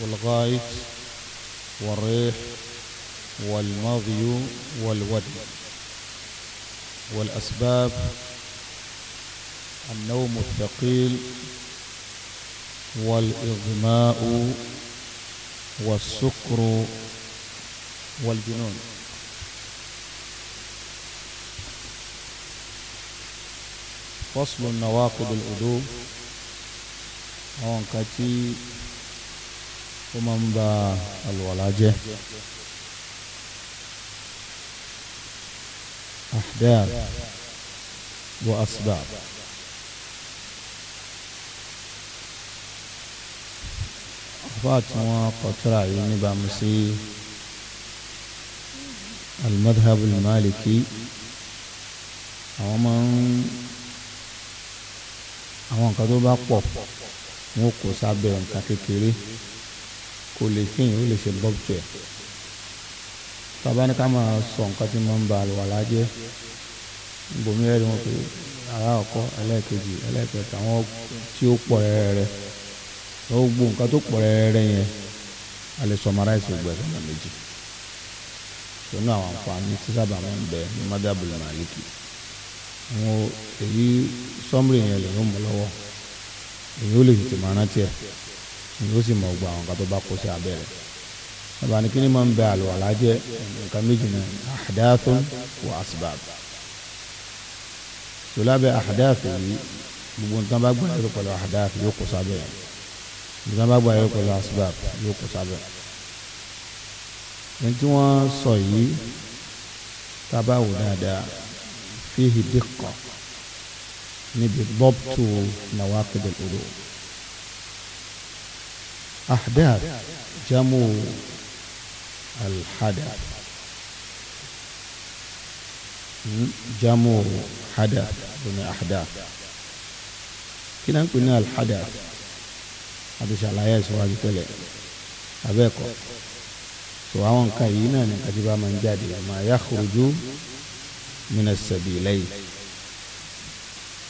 والغايت والريح والمضي والودي والأسباب النوم الثقيل والإغماء والسكر والجنون فصل النواقض الأدوب àwọn ó máa ń ba àlùwàlá jẹ́. أحداث وأسباب أخبات وقطرة ينبع مسيح المذهب المالكي àwọn máa ń àwọn nǹkan tó bá pọ̀ wọn kò sábẹ́ nǹkan kékeré kò lè kíyìn ó lè ṣe bọ́ọ̀tù ẹ̀ tàbá ní ká máa sọ nǹkan tí mo ń ba àlùwàlá jẹ́ ibòmí ẹ̀rí wọn pé ara ọkọ ẹlẹ́ẹ̀kejì ẹlẹ́ẹ̀kẹta àwọn tí ó pọ̀ rẹ́rẹ́rẹ́ gbogbo nǹkan tó pọ̀ rẹ́rẹ́rẹ́ yẹn a lè sọmaráìsì gbẹ sọ́nà méjì sọ́nà àwọn àǹfààní tí sábà máa ń bẹ ní mádàbùlù màlìkì àwọn èyí sọ́mùrì yẹn lè yóò mú lọ́wọ́ èyí ó lè tètè máa rántí ẹ̀ yóò sì mọ̀ gbọ́ àwọn nǹkan tó bá kó sí abẹ́ rẹ̀ abàní kí ni máa ń bẹ àlùwàlá jẹ́ nǹkan méjì náà àdáàtò wà asbab sọlábẹ àdáàtò yìí gbogbo nǹkan bá gbà yẹrù pẹ̀lú àdáàtò yóò kó sábẹ́ nǹkan bá gbà yẹrù pẹ̀lú asbab yóò kó sábẹ́ ẹni tí wọ́n sọ yìí tábà wò dáadáa fíhìdí kan níbi bọ́pù tó nàwákìdì lòdò. أحداث جمو الحدث جمو حدث من أحداث كنا نقول الحدث هذا الله يسوى تلي أبيكو سواء كاينا نكتبا من جادي ما يخرج من السبيلين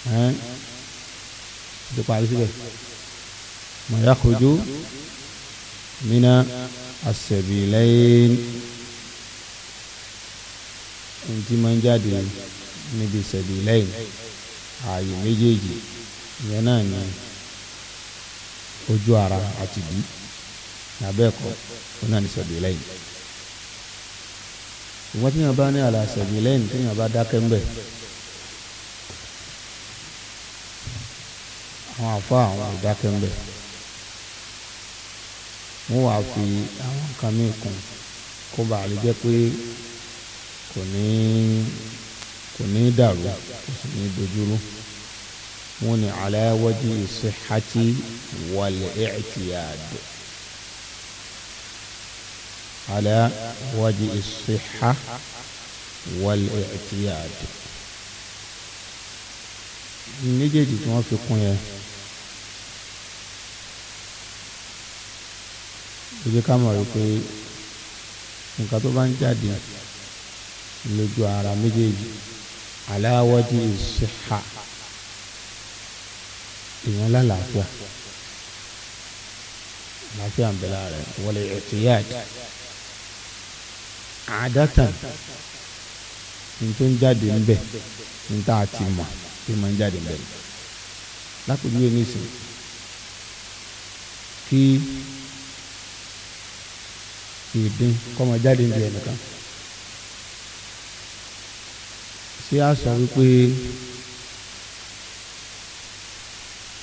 ها تقول ما يخرج من السبيلين ntí máa ń jáde níbi sẹ̀bìlẹ́yìn ààyè méjèèjì ìyẹn náà ni ojú ara àti ìdí abẹ́ẹ̀kọ́ òun náà ni sẹ̀bìlẹ́yìn ṣùgbọ́n tí yàn bá ní àlà sẹ̀bìlẹ́yìn tí yàn bá dákẹ́ ńbẹ̀ àwọn àfa àwọn ò dákẹ́ ńbẹ̀ wọ́n wàá fi àwọn nǹkan míì kún kó bàa lè jẹ́ pé kò ní kò ní dàrú kò sì ní dojúrú wọ́n ní ala waji sihhati wal i'tiyad ala waji sihha wal i'tiyad méjèèjì tí wọ́n fi kún ó jẹ́ ká mọ̀ wípé nǹkan tó bá ń jáde lójú ara méjèèjì aláwọ́dì ìṣèhà èèyàn lálàáfíà àlàáfíà ń bẹ lára wọlé ẹ̀tìyàd àádọ́tàn ní tó ń jáde ń bẹ ní tá a ti mọ̀ tí mo ń jáde ń bẹ lápòjú yẹn nísìnyí kí ìdín kọ́mọ jáde ń di ẹnìkan ṣé a sọ wípé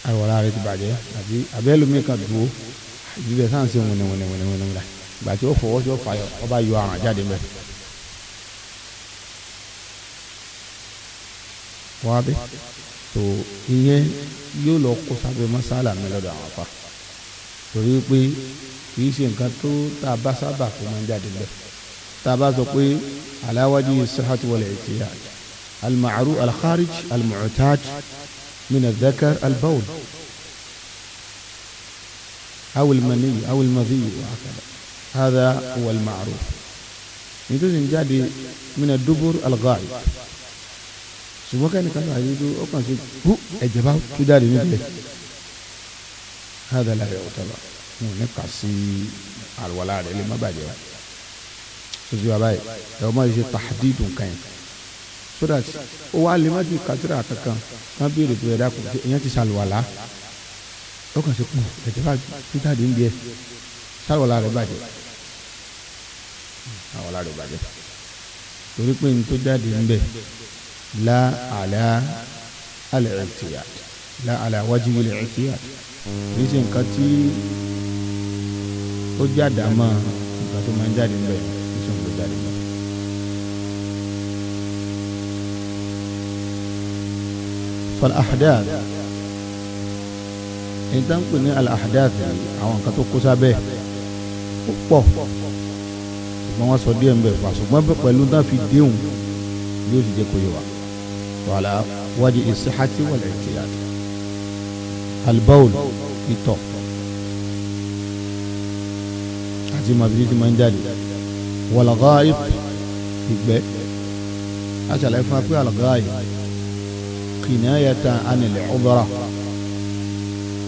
àwòrán rẹ ti bàjẹ́ àbí abẹ́lómi kan dùn ó àjíbẹ̀ sáà ń ṣe wìnìwìnìwìnìwìnì gbà tí ó fọwọ́ tí ó fà yọ ọba yọ àrùn jáde mẹ́. wọ́n á bẹ́ tó ìyẹn yóò lọ kó sábẹ́ mọ́sálà mi lọ́dọ̀ àwọn afa torí pé kì í ṣe nǹkan tó tá a bá sábà kó máa ń jáde lẹ tá a bá sọ pé aláwájú sahati wal ihtiyaj alimaru alkharij almu'taj mina dhakar albawl awil mani awil hada huwa nítorí ń jáde mina dubur alghaib ṣùgbọ́n kẹ́ni kan náà yíjú ó kàn sí ẹ̀jẹ̀ bá tú jáde níbẹ̀ hádà láyọ̀ ọ̀tọ̀lọ̀ mo ní kà sí àlùwàlá rẹ̀ lè má bàjẹ́ o sosi baba yi ẹ ma ṣe tahadidun kan yi so that o wa lè má ti katira kankan kan bí èrè bẹ̀rẹ̀ kò tí èèyàn ti ṣàlùwàlá ó kàn ṣe kú ẹ̀jẹ̀ bá tú jáde ń bí ẹ ṣàlùwàlá rẹ̀ bàjẹ́ ṣàlùwàlá rẹ̀ bàjẹ́ torí pé n tó jáde ń bẹ̀ la àlà alẹ́ ẹ̀tìyàt la àlà wájú ilẹ̀ ẹ̀tìyàt kì í ṣe nǹkan tí ó jáde àmọ́ nǹkan tó máa ń jáde níbẹ̀ kì í ṣe nǹkan tó jáde níbẹ̀. fal-ahdath èyí tá ń pè ní al-ahdath àwọn nǹkan tó kó sábẹ́ ó pọ̀ ṣùgbọ́n wọ́n sọ díẹ̀ ń bẹ̀ fà ṣùgbọ́n pẹ̀lú tá fi déhùn yóò sì jẹ́ kó yẹ wa wàhálà wájú ìṣíhàtì wal-ihtiyat albaul ìtọ̀ àti mabidi ti máa ń jáde wàlàgáyìb ìgbẹ́ àṣàlàyé fún wa pé àlàgáyìb kìnìyàtà ànilẹ̀ ọ̀dọ́ra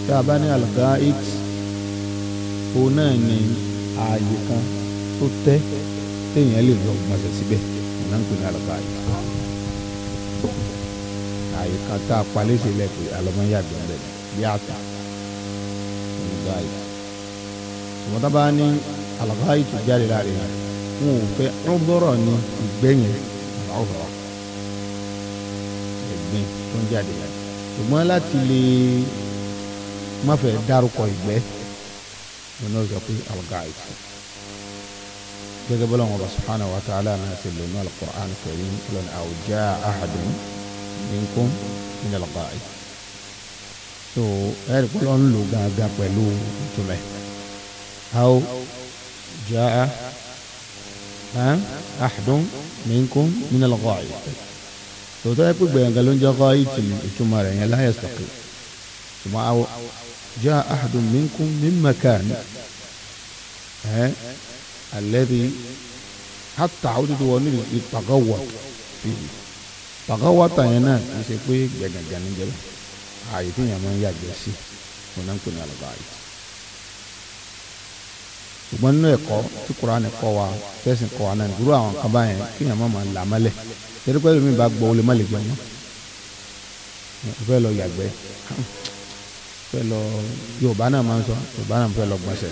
tá a bá ní àlàgáyìb òun náà ní ààyè kan tó tẹ́ téèyàn lè lọ gbọ̀nsẹ̀ síbẹ̀ ìná ń pè ní àlàgáyìb ààyè kan tá a palẹ́ sílẹ̀ pé àlọ́mọ yàgbẹ́ bẹ́ẹ̀ àbí àtà nígbà yìí ṣùgbọ́n tá bá ní àlàkà yìí tó jáde láre wọn ò fẹ́ ọgbọ́rọ̀ ní ìgbẹ́yìn ọ̀rọ̀ ẹ̀gbin tó ń jáde láre ṣùgbọ́n láti lè má fẹ́ dárúkọ ìgbẹ́ lọ́nà ọ̀sẹ̀ pé àlàkà yìí tó gẹ́gẹ́ bọ́lá wọn wa ta'ala náà ṣe lónà al-Qur'an al-Karim lọ́nà àwùjá ahadun minkum min al-ghaib so ẹ̀rí kọ́ ló ń lò gángan pẹ̀lú ìtumẹ̀ aw jaa ahadun minkum minal gha'ib tòótọ́ ẹ pé gbẹ̀ngàn ló ń jẹ́ kọ́ ìtìlú ìtumọ̀ rẹ̀ yẹn la yastaqim ṣùgbọ́n aw jaa ahadun minkum min makan alladhi hatta awududu wọn ní ìpàgọ́wọ̀ fi pàgọ́wọ̀ tàn yẹn náà kì í ṣe pé gbẹ̀ngàn ní jẹ́ bẹ́ẹ̀ ààyè tí èèyàn máa ń yàgbẹ́ sí òun náà ń pè ní albaid ṣùgbọ́n nínú ẹ̀kọ́ tí Qur'an kọ́ wa tẹ̀sìn kọ́ wa náà nìgbúrú àwọn kan báyẹn kí èèyàn máa máa là mọ́lẹ̀ torí pé lómi bá gbọ́ olè má lè gbọ́ yẹn fẹ́ lọ yàgbẹ́ fẹ́ lọ Yorùbá náà máa ń sọ Yorùbá náà fẹ́ lọ gbọ̀nsẹ̀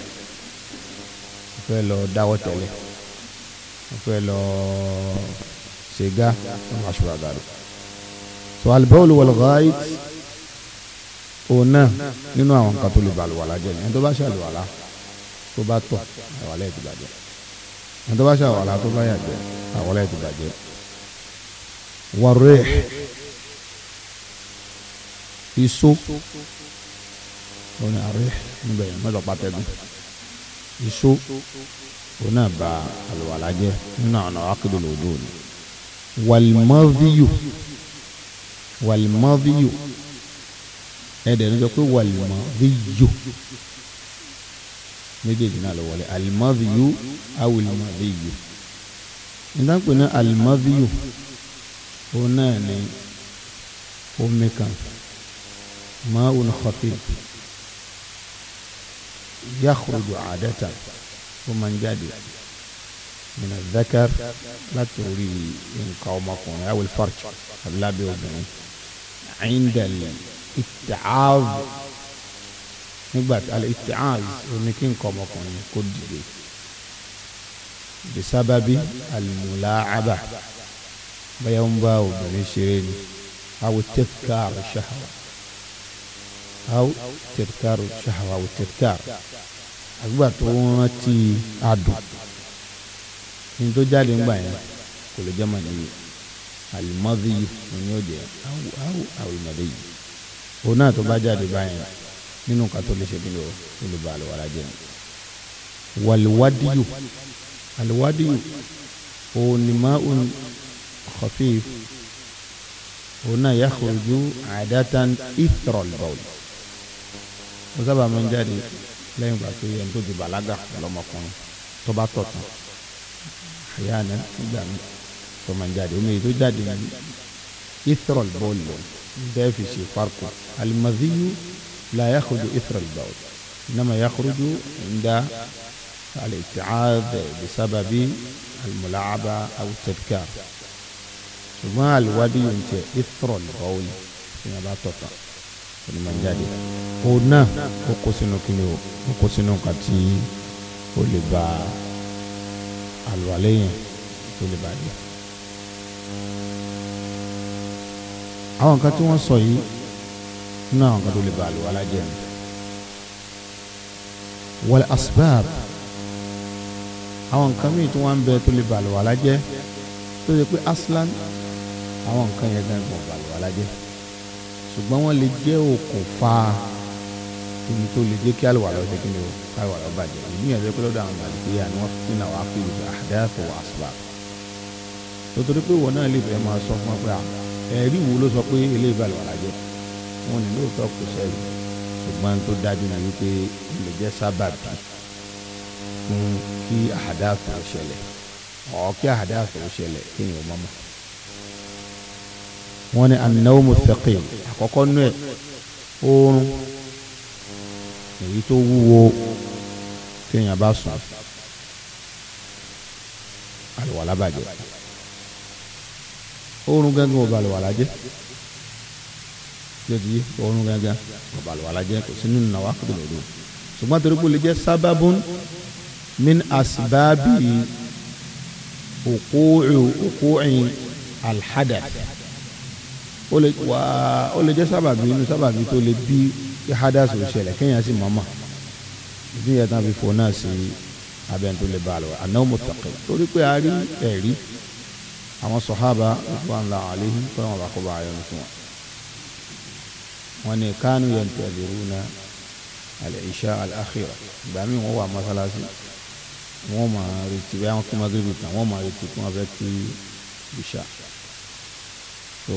fẹ́ lọ dáwọ́ tẹ̀lé fẹ́ lọ ṣègá ọmọ àṣùwàgàrò so al-bawl wal òun náà nínú àwọn nǹkan tó lè ba àlùwàlá jẹ́ ẹni tó bá ṣàlùwàlá tó bá tọ̀ àlùwàlá ẹ̀ ti bàjẹ́ ẹni tó bá ṣàlùwàlá tó bá yàgbẹ́ àlùwàlá ẹ̀ ti bàjẹ́ wàrẹ́ iṣó òun ni àrẹ́ níbẹ̀ yẹn mọ́tò pàtẹ́gùn iṣó òun náà ba àlùwàlá jẹ́ nínú àwọn akéde lòdù ni wàlmọ́víyù wàlmọ́víyù ẹ̀ẹ́dẹ̀ ló jọ pé wàlìmọ́díyù méjèèjì náà ló wọlé àlìmọ́díyù àwìlìmọ́díyù ìdáǹpẹ̀ ní àlìmọ́díyù òun náà ní omi kan máa ń xọ́fì yàkùrùjù àdẹ́ta ó máa ń jáde mina zakar láti orí nǹkan ọmọkùnrin àwìlì farj àbí lábẹ́ obìnrin àyíndàlẹ́ ìtààzù nígbà tí alẹ́ ìtààzù oní kí nǹkan ọmọkùnrin kó dìde bisababi alimulaaba bóyá ń bá obìnrin ṣeré ni awo tẹfkaru ṣahawa awo tẹfkaru ṣahawa awo tẹfkaru àgbà tó rántí adùn ní tó jáde ńgbà yẹn kò lè jẹ́ mọ̀ nìyí yìí ni yóò jẹ́ awo awo alimọ́dí yìí òun náà tó bá jáde báyẹn nínú nǹkan tó lè ṣe kí ni o tó lè ba àlùwàlá jẹ́ ni. wàlúwádìyù àlùwádìyù òun ni máa ń khafif òun náà yakhruju adatan ithral bawl ó sábà máa ń jáde lẹ́yìn ìgbà tó yẹ ní tó bàlágà lọ́mọkùnrin tó bá tọ̀ tán àyà náà nígbà tó máa ń jáde omi èyí tó bẹ́ẹ̀ fi ṣe farko alimaziyu la yaxudu ifral bawd inama yaxudu inda aliticaad bisababi almulaaba aw tadkaar ṣùgbọ́n aliwadiyu ń tẹ ifral bawd ìyẹn bá tọ̀ tán ìyẹn máa jáde òun náà ó kó sínú kíni o ó kó àwọn nǹkan tí wọ́n sọ yìí nínú àwọn nǹkan tó lè ba àlùwàlá jẹ́ ni wal asbab àwọn nǹkan míì tí wọ́n ń bẹ tó lè ba àlùwàlá jẹ́ tó yẹ pé aslan àwọn nǹkan yẹn gan gbọ̀n ba àlùwàlá jẹ́ ṣùgbọ́n wọ́n lè jẹ́ òkùnfà ìní tó lè jẹ́ kí àlùwàlá ọjọ́ kí ni o káàlùwàlá bàjẹ́ ìní ẹ̀jẹ̀ pé lọ́dọ̀ àwọn màlìkíyà ni wọ́n fi náà wá pé ìgbà àdáyàfọ̀ asbab ẹ̀rí wo ló sọ pé eléyìí bá lọ́la jẹ́ wọn ní lóòótọ́ kò sẹ́yìn ṣùgbọ́n tó dájú náà wípé ó lè jẹ́ sábàbí fún kí àdáàfẹ́ ó ṣẹlẹ̀ ọ̀ kí àdáàfẹ́ ó ṣẹlẹ̀ kí ni ó mọ̀ mọ́. wọ́n ní anáwó fẹ́kìm àkọ́kọ́ nú ẹ̀ oorun èyí tó wúwo téèyàn bá sùn àlùwàlá bàjẹ́ oorun gángan ò balùwà lájẹ́ yóò ti yí oorun gángan ò balùwà lájẹ́ kò sí nínú nàwa kúndùn lòdù ṣùgbọ́n torí kò lè jẹ́ sábàbùn min asibaabi òkúùcù òkúùcìn alhadath ó lè wá ó lè jẹ́ sábàbí inú sábàbí tó lè bí hadath ò ṣẹlẹ̀ kéèyàn sì mọ̀ọ́mọ̀ ìdíyẹ tán fi fò náà sí abẹ́ntó lè balùwà anáwó mọ̀tàkì torí pé a rí ẹ̀rí àwọn sọ̀hábà ìfúnwánlá àléhùn kọ́lá wọn bá kọ́ bá ayọ́nu fún wọn. wọn ni kánú yẹn tẹ̀lérú na al-isha al-akhira ìgbà míì wọn wà mọ́sálásí wọn máa retí bí wọn kí magrebi tán wọn máa retí kí wọn fẹ́ kí isha so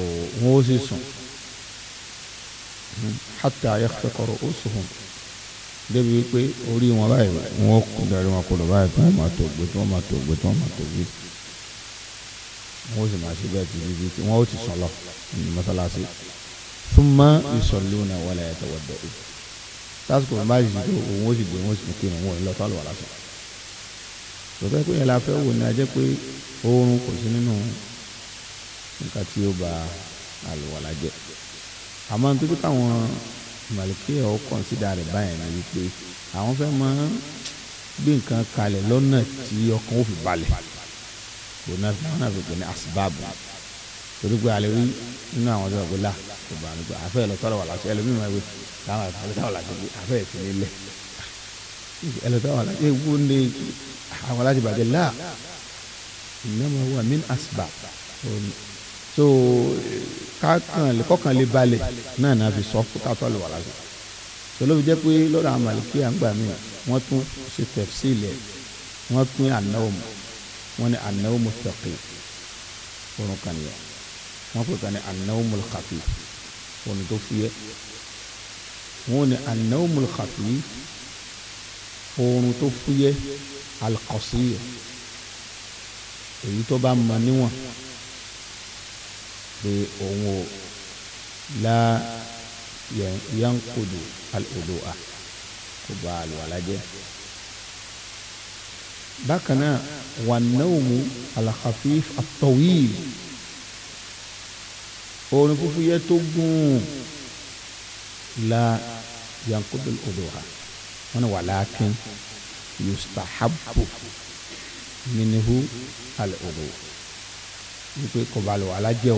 ó sì sùn hmm. hatta yakhfiqa ru'usuhum débi wípé orí wọn báyìí wọn kú darí wọn kó lọ báyìí tí wọn máa tó gbé tí wọn máa tó gbé tí wọn máa tó gbé wọn ó sì máa ṣe bẹ́ẹ̀ títí títí wọn ó ti sùn lọ ní mọ́sálásí súnmọ́ ìsọ̀lúnà wọlé ẹ̀tọ́ wọ̀dọ̀ o tásìkò wọn bá yìí tó òun ó sì dé wọn ó sì tún kírun wọn ò ní lọ tọ́lù wàlásù lọ́pẹ́ pé yẹn la fẹ́ wò ní ajẹ́ pé oorun kò sí nínú nǹkan tí ó ba àlùwàlá jẹ́ àmọ́ nítorí káwọn màlìkíyà ó kọ̀ǹsídà rẹ̀ báyìí ní wípé àwọn fẹ́ máa gbé nǹkan kalẹ̀ lọ́nà tí ọkàn ó fi balẹ̀ òun náà fi pè ní asibabu torí pé alẹ́ rí nínú àwọn ọ̀dọ́ ọ̀gbọ́lá kò bá nípa àfẹ́ lọ tọrọ wà láti ẹlòmíì máa wé táwọn àfẹ́ táwọn láti gbé àfẹ́ ìfìlẹ̀ lẹ̀ ẹlòmíì táwọn láti ewu ní àwọn láti bàjẹ́ láà ìnáwó wà mí àsìbà so kákan kọkàn lè balẹ̀ náà náà fi sọ fún kátó àlùwà láti tolóbi jẹ́ pé lọ́dọ̀ àwọn màlìkí àgbà mi wọ́n tún ṣe tẹ̀síìlẹ̀ wọ́n tún ànáwó mọ́ wọ́n ní anáwó sọ̀kè oorun kan nìyẹn wọ́n pè kan ní anáwó mọ̀lùkàfì oorun tó fúyẹ́ wọ́n ní anáwó mọ̀lùkàfì oorun tó fúyẹ́ alikọ̀síyẹ èyí tó bá mọ níwọ̀n pé òun ò la yankudu al-wudu'a kò bá àlùwàlá jẹ́ bákan náà wà náwó alakafif atọ́wìl oorun fúnfún yẹ tó gùn la yankudu odoha wọn wà láàkín yustahabu minihu alodo wípé kò bá lọ alájẹ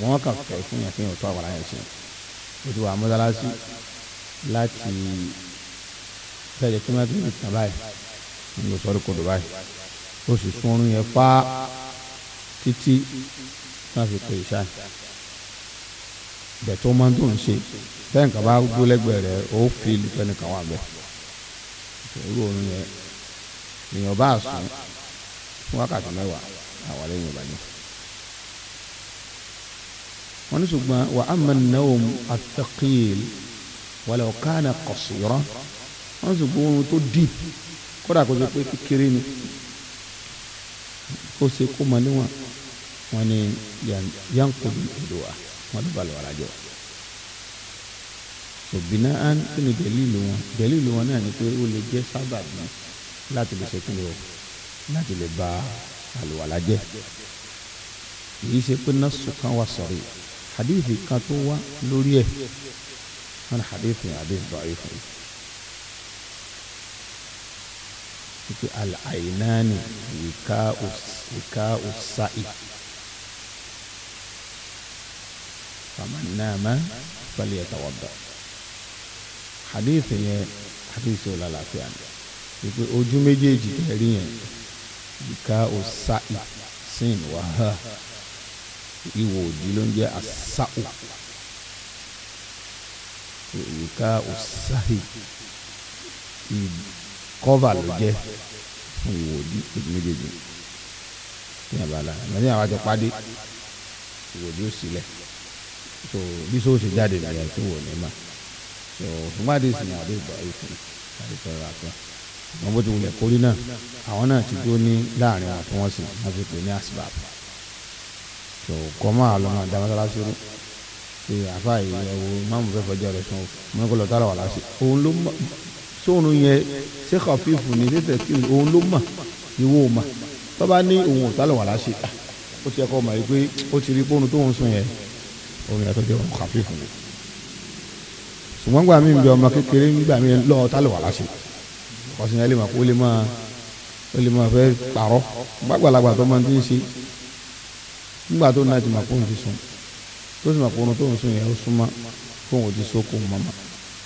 wọn kà fẹ́ fún yàn kí àwọn aláyàn ṣe o ti láti bẹ́ẹ̀ jẹ́ kí wọ́n ti tàn báyìí ń lọ sọ́rí kodò báyìí ó sì sùn oorun yẹn fá títí náà fi pè ṣáà bẹ̀ tó máa ń tó ń ṣe tẹ́yìn kan bá dúró lẹ́gbẹ̀ẹ́ rẹ̀ ó fi lùpẹ́ nìkan wà bẹ́ẹ̀ irú oorun yẹn èèyàn bá sùn fún wákàtí mẹ́wàá àwọn lẹ́yìn ìbàdàn wọ́n ní ṣùgbọ́n wà á mọ̀ náà òun wàlẹ̀ ọ̀kánà kọ̀sìrọ̀ wọ́n ní ṣùgbọ́n oorun tó dìpù kódà kó ṣe pé kékeré ni kó ṣe kó mọ níwọ̀n wọn ni yankun ìlú wọn ló bá lọ ara jọ so bina an kí ni dẹ̀lílù wọn dẹ̀lílù wọn náà ni pé ó lè jẹ́ sábàbí láti lè ṣe kí ni o láti lè ba àlùwàlá jẹ́ kìí ṣe pé nọ́ọ̀sù kan wà sọ̀rí hadithi kan tó wá lórí ẹ̀ wọn hadithi hadithi báyìí fún yìí. wípé àìnáni ìka òsàì fàmánáàmá fàlẹ́ ẹ̀tàwọ̀dọ̀ hadith yẹn hadith yóò lálàáfíà ni wípé ojú méjèèjì tẹ̀rí yẹn ìka òsàì sin wàhá ìwò òdì ló ń jẹ́ àsáù ìka òsàì ìdí kọ́va ló jẹ́ fún ìwòlí ojú méjèèjì ní abala ní àwọn àjọ pàdé ìwòlí ó sílẹ̀ so bí sọ́ọ́ ṣe jáde nìyẹn tó wò ní ma so ṣùgbọ́n àdéhùn ní àdéhùn ìfún àdéhùn ọ̀rọ̀ àfẹ́ ṣùgbọ́n bó ti wulẹ̀ kórí náà àwọn náà ti dúró ní láàrin wọn fi pè ní asibab so kọ́mọ́ àlọ́ máa dá mọ́sálásí rú pé àfáà yìí ẹ̀ wo máàmù fẹ́ fọjá rẹ̀ sùn mọ́nìkọ́lọ́ tá sóòrùn yẹn ṣé kàfífù ní fífẹ́ kí òun ló mà ìwọ ò mà bàbá ní òun ò sálọ̀ wà láṣẹ ó ti ẹ̀kọ́ mà yìí pé ó ti rí pọ́nù tó ń sùn yẹn òun yàtọ̀ jẹ́ òun kàfífù ní. ṣùgbọ́n gbà mí ń bẹ ọmọ kékeré nígbà mí lọ́ọ́ sálọ̀ wà láṣẹ ọ̀sìn yẹn lè mà kó lè máa ó lè máa fẹ́ pààrọ̀ gbàgbàlagbà tó máa ti ń ṣe nígbà tó náà ti mà kó ti sùn tó sì mà kó òun sùn yẹn ó súnmọ́ kó òun ti sókòó mọ́mọ́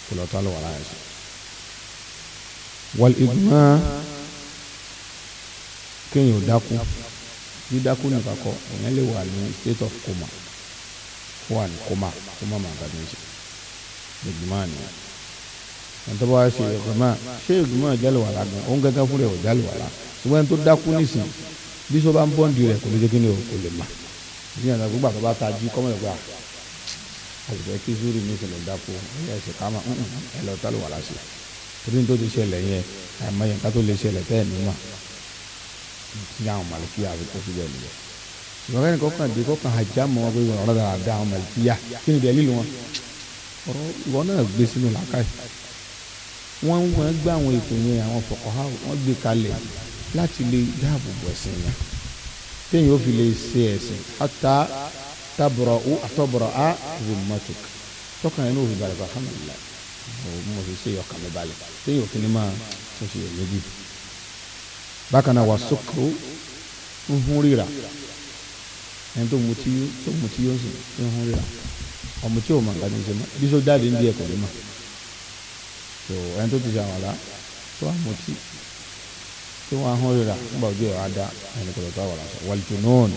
kó lọ́ọ́ sálọ̀ wà láṣẹ wàlìgbọ́n kéèyàn dákú dídákú nìkan kọ èèyàn lè wà ní state of coma kó wà ní coma coma máa gbàdúrà ṣe ìgbìmọ̀ ni wọn tó bá ṣe ìgbìmọ̀ ṣé ìgbìmọ̀ jálùwàlá gan òun gẹ́gẹ́ fúnra ẹ̀ jálùwàlá ṣùgbọ́n tó dákú nísìnyí bí sọ bá ń bọ́ǹdì rẹ̀ kò lè jẹ́ kí ni o kò lè mà bí yàrá gbogbo àtọ́ bá ta jí kọ́mọ̀ ẹ̀ gbà àgbẹ̀ kí zúrì ní ìṣẹ̀lẹ̀ dákú ẹ̀ ṣe ká mà ẹ̀ lọ tálùwàlá ṣe torí ní tó ti ṣẹlẹ̀ yẹn àìmọye nǹkan tó lè ṣẹlẹ̀ tẹ́ ẹ̀ ní mà tí àwọn màlìkíyà fi kó síbẹ̀ nìyẹn ṣùgbọ́n kẹ́ni kọ́kàn dé kọ́kàn ajá mọ́ wọn pé wọn ọ̀rọ̀ dára dá àwọn màlìkíyà kí ni dẹ́lílù wọn ọ̀rọ̀ ìwọ náà gbé sínú làákàyè wọ́n wọ́n gbé àwọn ètò yẹn àwọn fọkànhá wọ́n gbé kalẹ̀ láti lè dáàbò bò ẹ̀sìn yẹn téèyàn ó fi lè ṣe ẹ̀sìn hatta tábọ̀rọ̀ ó àtọ̀bọ̀rọ̀ á rè mọ́tò tọkàn yẹn ní òfin balẹ̀ bá mo sì ṣe ọkàn mi balẹ̀ téèyàn ò fi ní máa tún ṣe èméjì. Bákan náà wà sukuru ń hún rírà ẹni tó ń mutí yó tó ń mutí yó ń sìn ń hún rírà ọ̀mù tí ò mọ̀ nǹkan tí ń ṣe mọ́ bí só jáde ń di ẹ̀kọ́ ní mọ̀ so ẹni tó ti ṣe àwàlá tó wà mutí tó wà hún rírà nígbà ojú ẹ̀ wá ẹni kò lè tó àwàlá sọ wàlìjùnún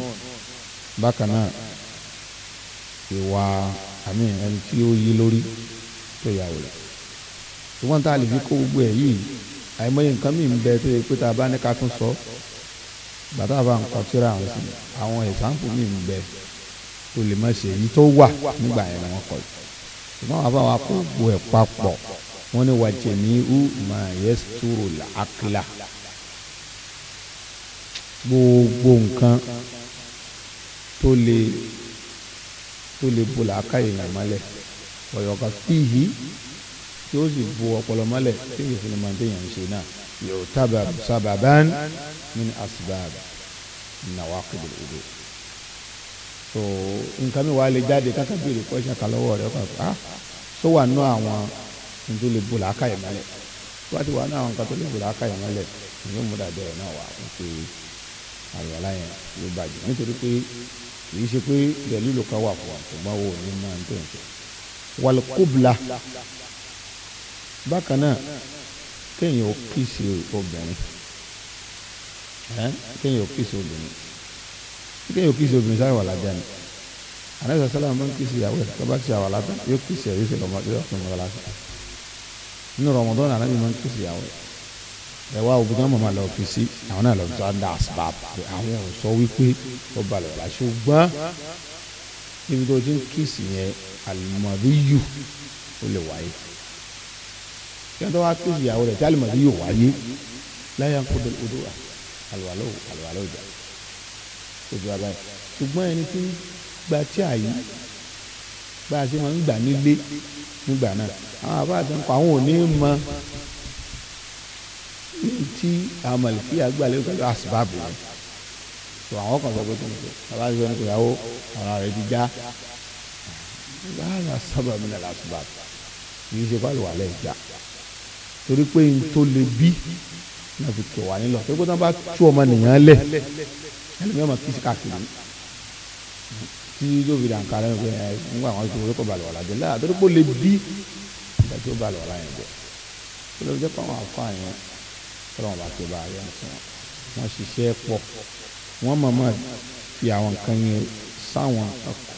bákan náà ìwà àmì ẹni tí ó yí lórí fẹ́ ìyàwó rẹ̀ ṣùgbọ́n tá a lè fi kó gbogbo ẹ̀ yìí àìmọye nǹkan mìíràn bẹ tó yẹ pé tá a bá ní ká tún sọ bàtà bá ń kọ síra àwọn sí àwọn ẹ̀sánpù mìíràn bẹ tó lè má ṣe èyí tó wà nígbà yẹn wọn kọ ṣùgbọ́n àwọn afáwọn akó gbogbo ẹ̀ papọ̀ wọn ni wàjẹ̀ ní u mà yẹ sùúrù làákìlà gbogbo nǹkan tó lè tó lè bo làákà èèyàn mọ́lẹ̀ wọ̀yọ̀kà fíhì tí ó sì bu ọpọlọ mọ́lẹ̀ tí kì í sinmi máa ń ṣe náà yóò tábà sábàbán min asbab nawaqid al-wudu. so nǹkan mi wà á lè jáde káka béèrè question kan lọ́wọ́ rẹ̀ ọkàn ah sọ wà nù àwọn nítorí lè bu làákàyè mọ́lẹ̀ tó bá ti wà nù àwọn nǹkan tó lè bu làákàyè mọ́lẹ̀ ìyẹn mú dàdé ẹ̀ náà wà wípé àlùwàlá yẹn ló bàjẹ́ nítorí pé kì í ṣe pé ìdẹ̀lú ló kọ́ wà fún wa ṣùgbọ́n wo ni máa ń tó ń ṣe wàlúkúbla bákan náà kéèyàn ò kíìsì obìnrin kéèyàn ò kíìsì obìnrin kéèyàn ò kíìsì obìnrin sáré wà lájà ni anabi sasala máa ń kíìsì ìyàwó ẹ̀ tó bá ti àwọn aláta yóò kíìsì ẹ̀ yóò sì lọ́mọ yóò sì lọ́mọ lásán nínú rọmọdọ́nà anabi máa ń kíìsì ìyàwó ẹ̀ ẹ wá òbí náà máa lọ fi sí àwọn náà lọ fi sọ àdá àsìbà àwọn ò sọ wípé ó balẹ̀ ṣùgbọ́n níbi tó ti ń kíìsì yẹn alimọ̀díyù ó lè wáyé yẹn tó wá kíìsì ìyàwó rẹ̀ tí alimọ̀díyù wáyé láyé akódò odò wa àlùwàlò àlùwàlò ìjà ojú wa báyìí ṣùgbọ́n ẹni tí ń gba tí a yìí bá a ṣe máa ń gbà nílé nígbà náà àwọn àbá àtẹnukọ àwọn ò ní mọ tí àwọn mọ̀lẹ́kí àgbà pẹ̀lú àsìbáàbù yẹn so àwọn kan sọ pé kíni pé bàbá ti fẹ́ni kòyàwó ara rẹ̀ ti já wàhálà sábà mi nàlá sábà kì í ṣe pálí wàhálà ẹ̀ já torí pé n tó le bí náà fi kẹwàá nílọ torí pé tí wọn bá tú ọmọ nìyẹn lẹ ẹlẹmìí ọmọ kìí ṣe káàkiri tí yóò fi dàn kárẹ́ nípa ẹ nígbà wọn ti wọlé kọ balùwà lajẹ láà torí pé ó le bí ìgbà tí ó balùwà láyé jẹ ó lè jẹ́ pé àwọn àfáà yẹn tọ́lọ́mọba tó bá yẹn sùn wọ́n ṣiṣẹ́ pọ̀ wọ́n mọ̀ọ́mọ̀ fi àwọn nǹkan yẹn sáwọn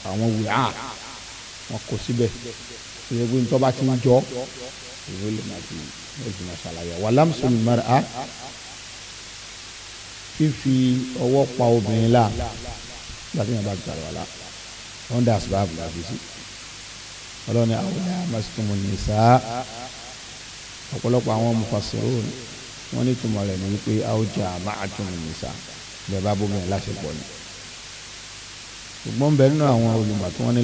àwọn wíwá wọn kò síbẹ̀ ìyẹn pé nítorí bá ti ń jọ èyí ó lè máa fi ó lè máa ṣàlàyé wà lámùsùlùmí mara á fífi ọwọ́ pa obìnrin la gbàtí yẹn bá ti sàlùwà la wọ́n dà síbá àbúlà fi sí ọlọ́ni àwòlá masikimu nìsa ọ̀pọ̀lọpọ̀ àwọn mufasirun wọ́n ní tùmọ̀ rẹ̀ ní wípé àwòjà máa tùmọ̀ nìsa bẹ́ẹ̀ bá bóbìnrin láṣepọ̀ ni ṣùgbọ́n bẹ́ẹ̀ nínú àwọn olùmọ̀ tí wọ́n ní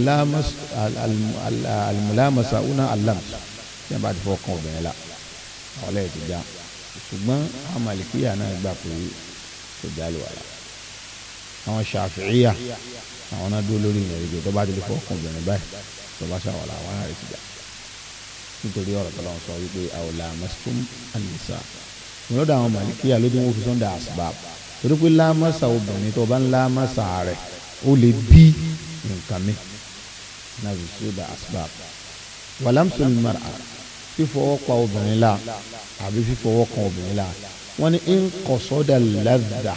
alimulaamasa una alam tí wọ́n bá ti fọ́ kan obìnrin la àwọn lẹ́yìn ti já ṣùgbọ́n àwọn malikiya náà gbà pé kò já lò wàlà àwọn ṣàfihìyà àwọn náà dúró lórí ìyẹn rẹ̀ tó bá ti fọ́ kan obìnrin báyìí tó bá ṣàwọ̀là àwọn náà rẹ̀ ti já nítorí ọ̀rọ̀ tó lọ́wọ́ sọ wípé àwòlà amastum anisa ìmọ̀lódà àwọn malikiya ló dé wọn fi sọ́ndà asbab torí pé lámàsà obìnrin tó bá ń lámàsà rẹ̀ ó lè bí nǹkan mi náà sódà asbab wàlámsùn mara fífọwọ́ pa obìnrin la àbí fífọwọ́ kan obìnrin la wọ́n ní ń kọ̀sọ́dà ladda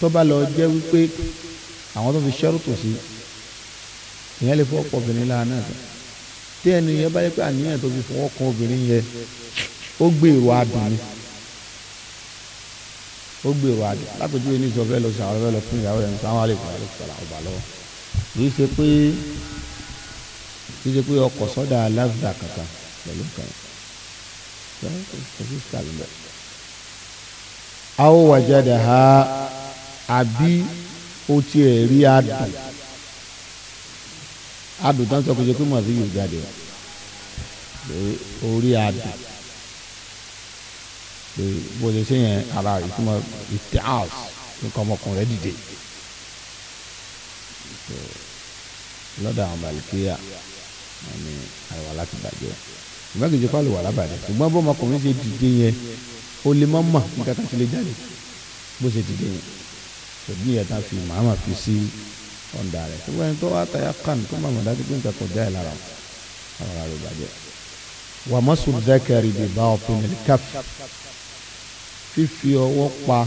tó bá lọ jẹ́ wípé àwọn tó fi ṣẹ́rù tòsí ìyẹn lè fọwọ́ pa obìnrin la náà tán ẹni yẹn bá yẹ pé àníyàn tó fi fọwọ́ kan obìnrin yẹn ó gbé èrò ó gbèrò àdùn lápèjúwe ní ìjọba ẹ lọ sàwọn ẹ lọ fún ìyàwó ẹ nípa àwọn àlejò àlejò sàlà ọba lọ́wọ́ kì í ṣe pé kì í ṣe pé ọkọ sọdà aláfíà kankan pẹ̀lú kan kò sí sàlù bẹ. àwọn wàjáde ha àbí ó tiẹ̀ rí àdùn àdùn tán sọ pé ṣe pé màá fi yóò jáde orí àdùn pé bó ṣe ṣe yẹn ara ìtumọ̀ ìtẹ́hàs nǹkan ọmọkùnrin rẹ dìde lọ́dọ̀ àwọn malikiya wọn ni àlùwàlá ti bàjẹ́ ìgbà kejì kọ́ àlùwàlá bàjẹ́ ṣùgbọ́n bó ọmọkùnrin ṣe dìde yẹn ó lè má mà nǹkan kan ti lè jáde bó ṣe dìde yẹn ṣòdí yẹn tán fi màmá fi sí ọ̀ǹda rẹ̀ ṣùgbọ́n ẹni tó wá tayá kàn tó má mọ̀ dájú nǹkan kọjá ẹ̀ lára àwọn ará bàjẹ́ wàmásù zakari bíi bá ọ̀pẹ̀ fífi ọwọ́ pa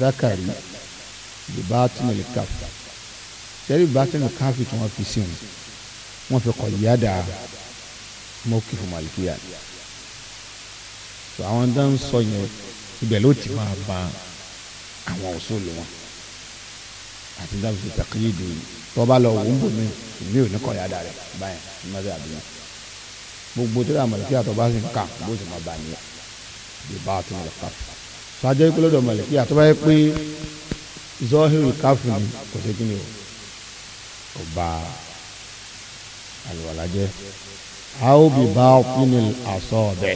zakari bibatinil kafi sẹ́rí bibatinil kafi tí wọ́n fi sí wọn wọ́n fi kọ̀ yíyáda mọ́kì fún malikiya ni so àwọn dá ń sọ yẹn ibẹ̀ ló ti máa ba àwọn òṣòlù wọn àti dábìsì tàkìyèdè tọ́ba lọ wò ń bò mí èmi ò ní kọ̀ yíyáda rẹ̀ báyìí ní mọ́tò àbí gbogbo tó dà mọ̀lẹ́kí àtọ́ba sì ń kà bó sì máa bà nìyẹn bíbá àti mọ̀lẹ́ káfí so ajẹ́ pé lọ́dọ̀ mọ̀lẹ́ kí àtọ́ bá yẹ pé zọ́hìrì káfí ni kò sí kí ni o kò bá àlùwàlá jẹ́ a ó bíbá ọ̀pìnì àsọ ọ̀bẹ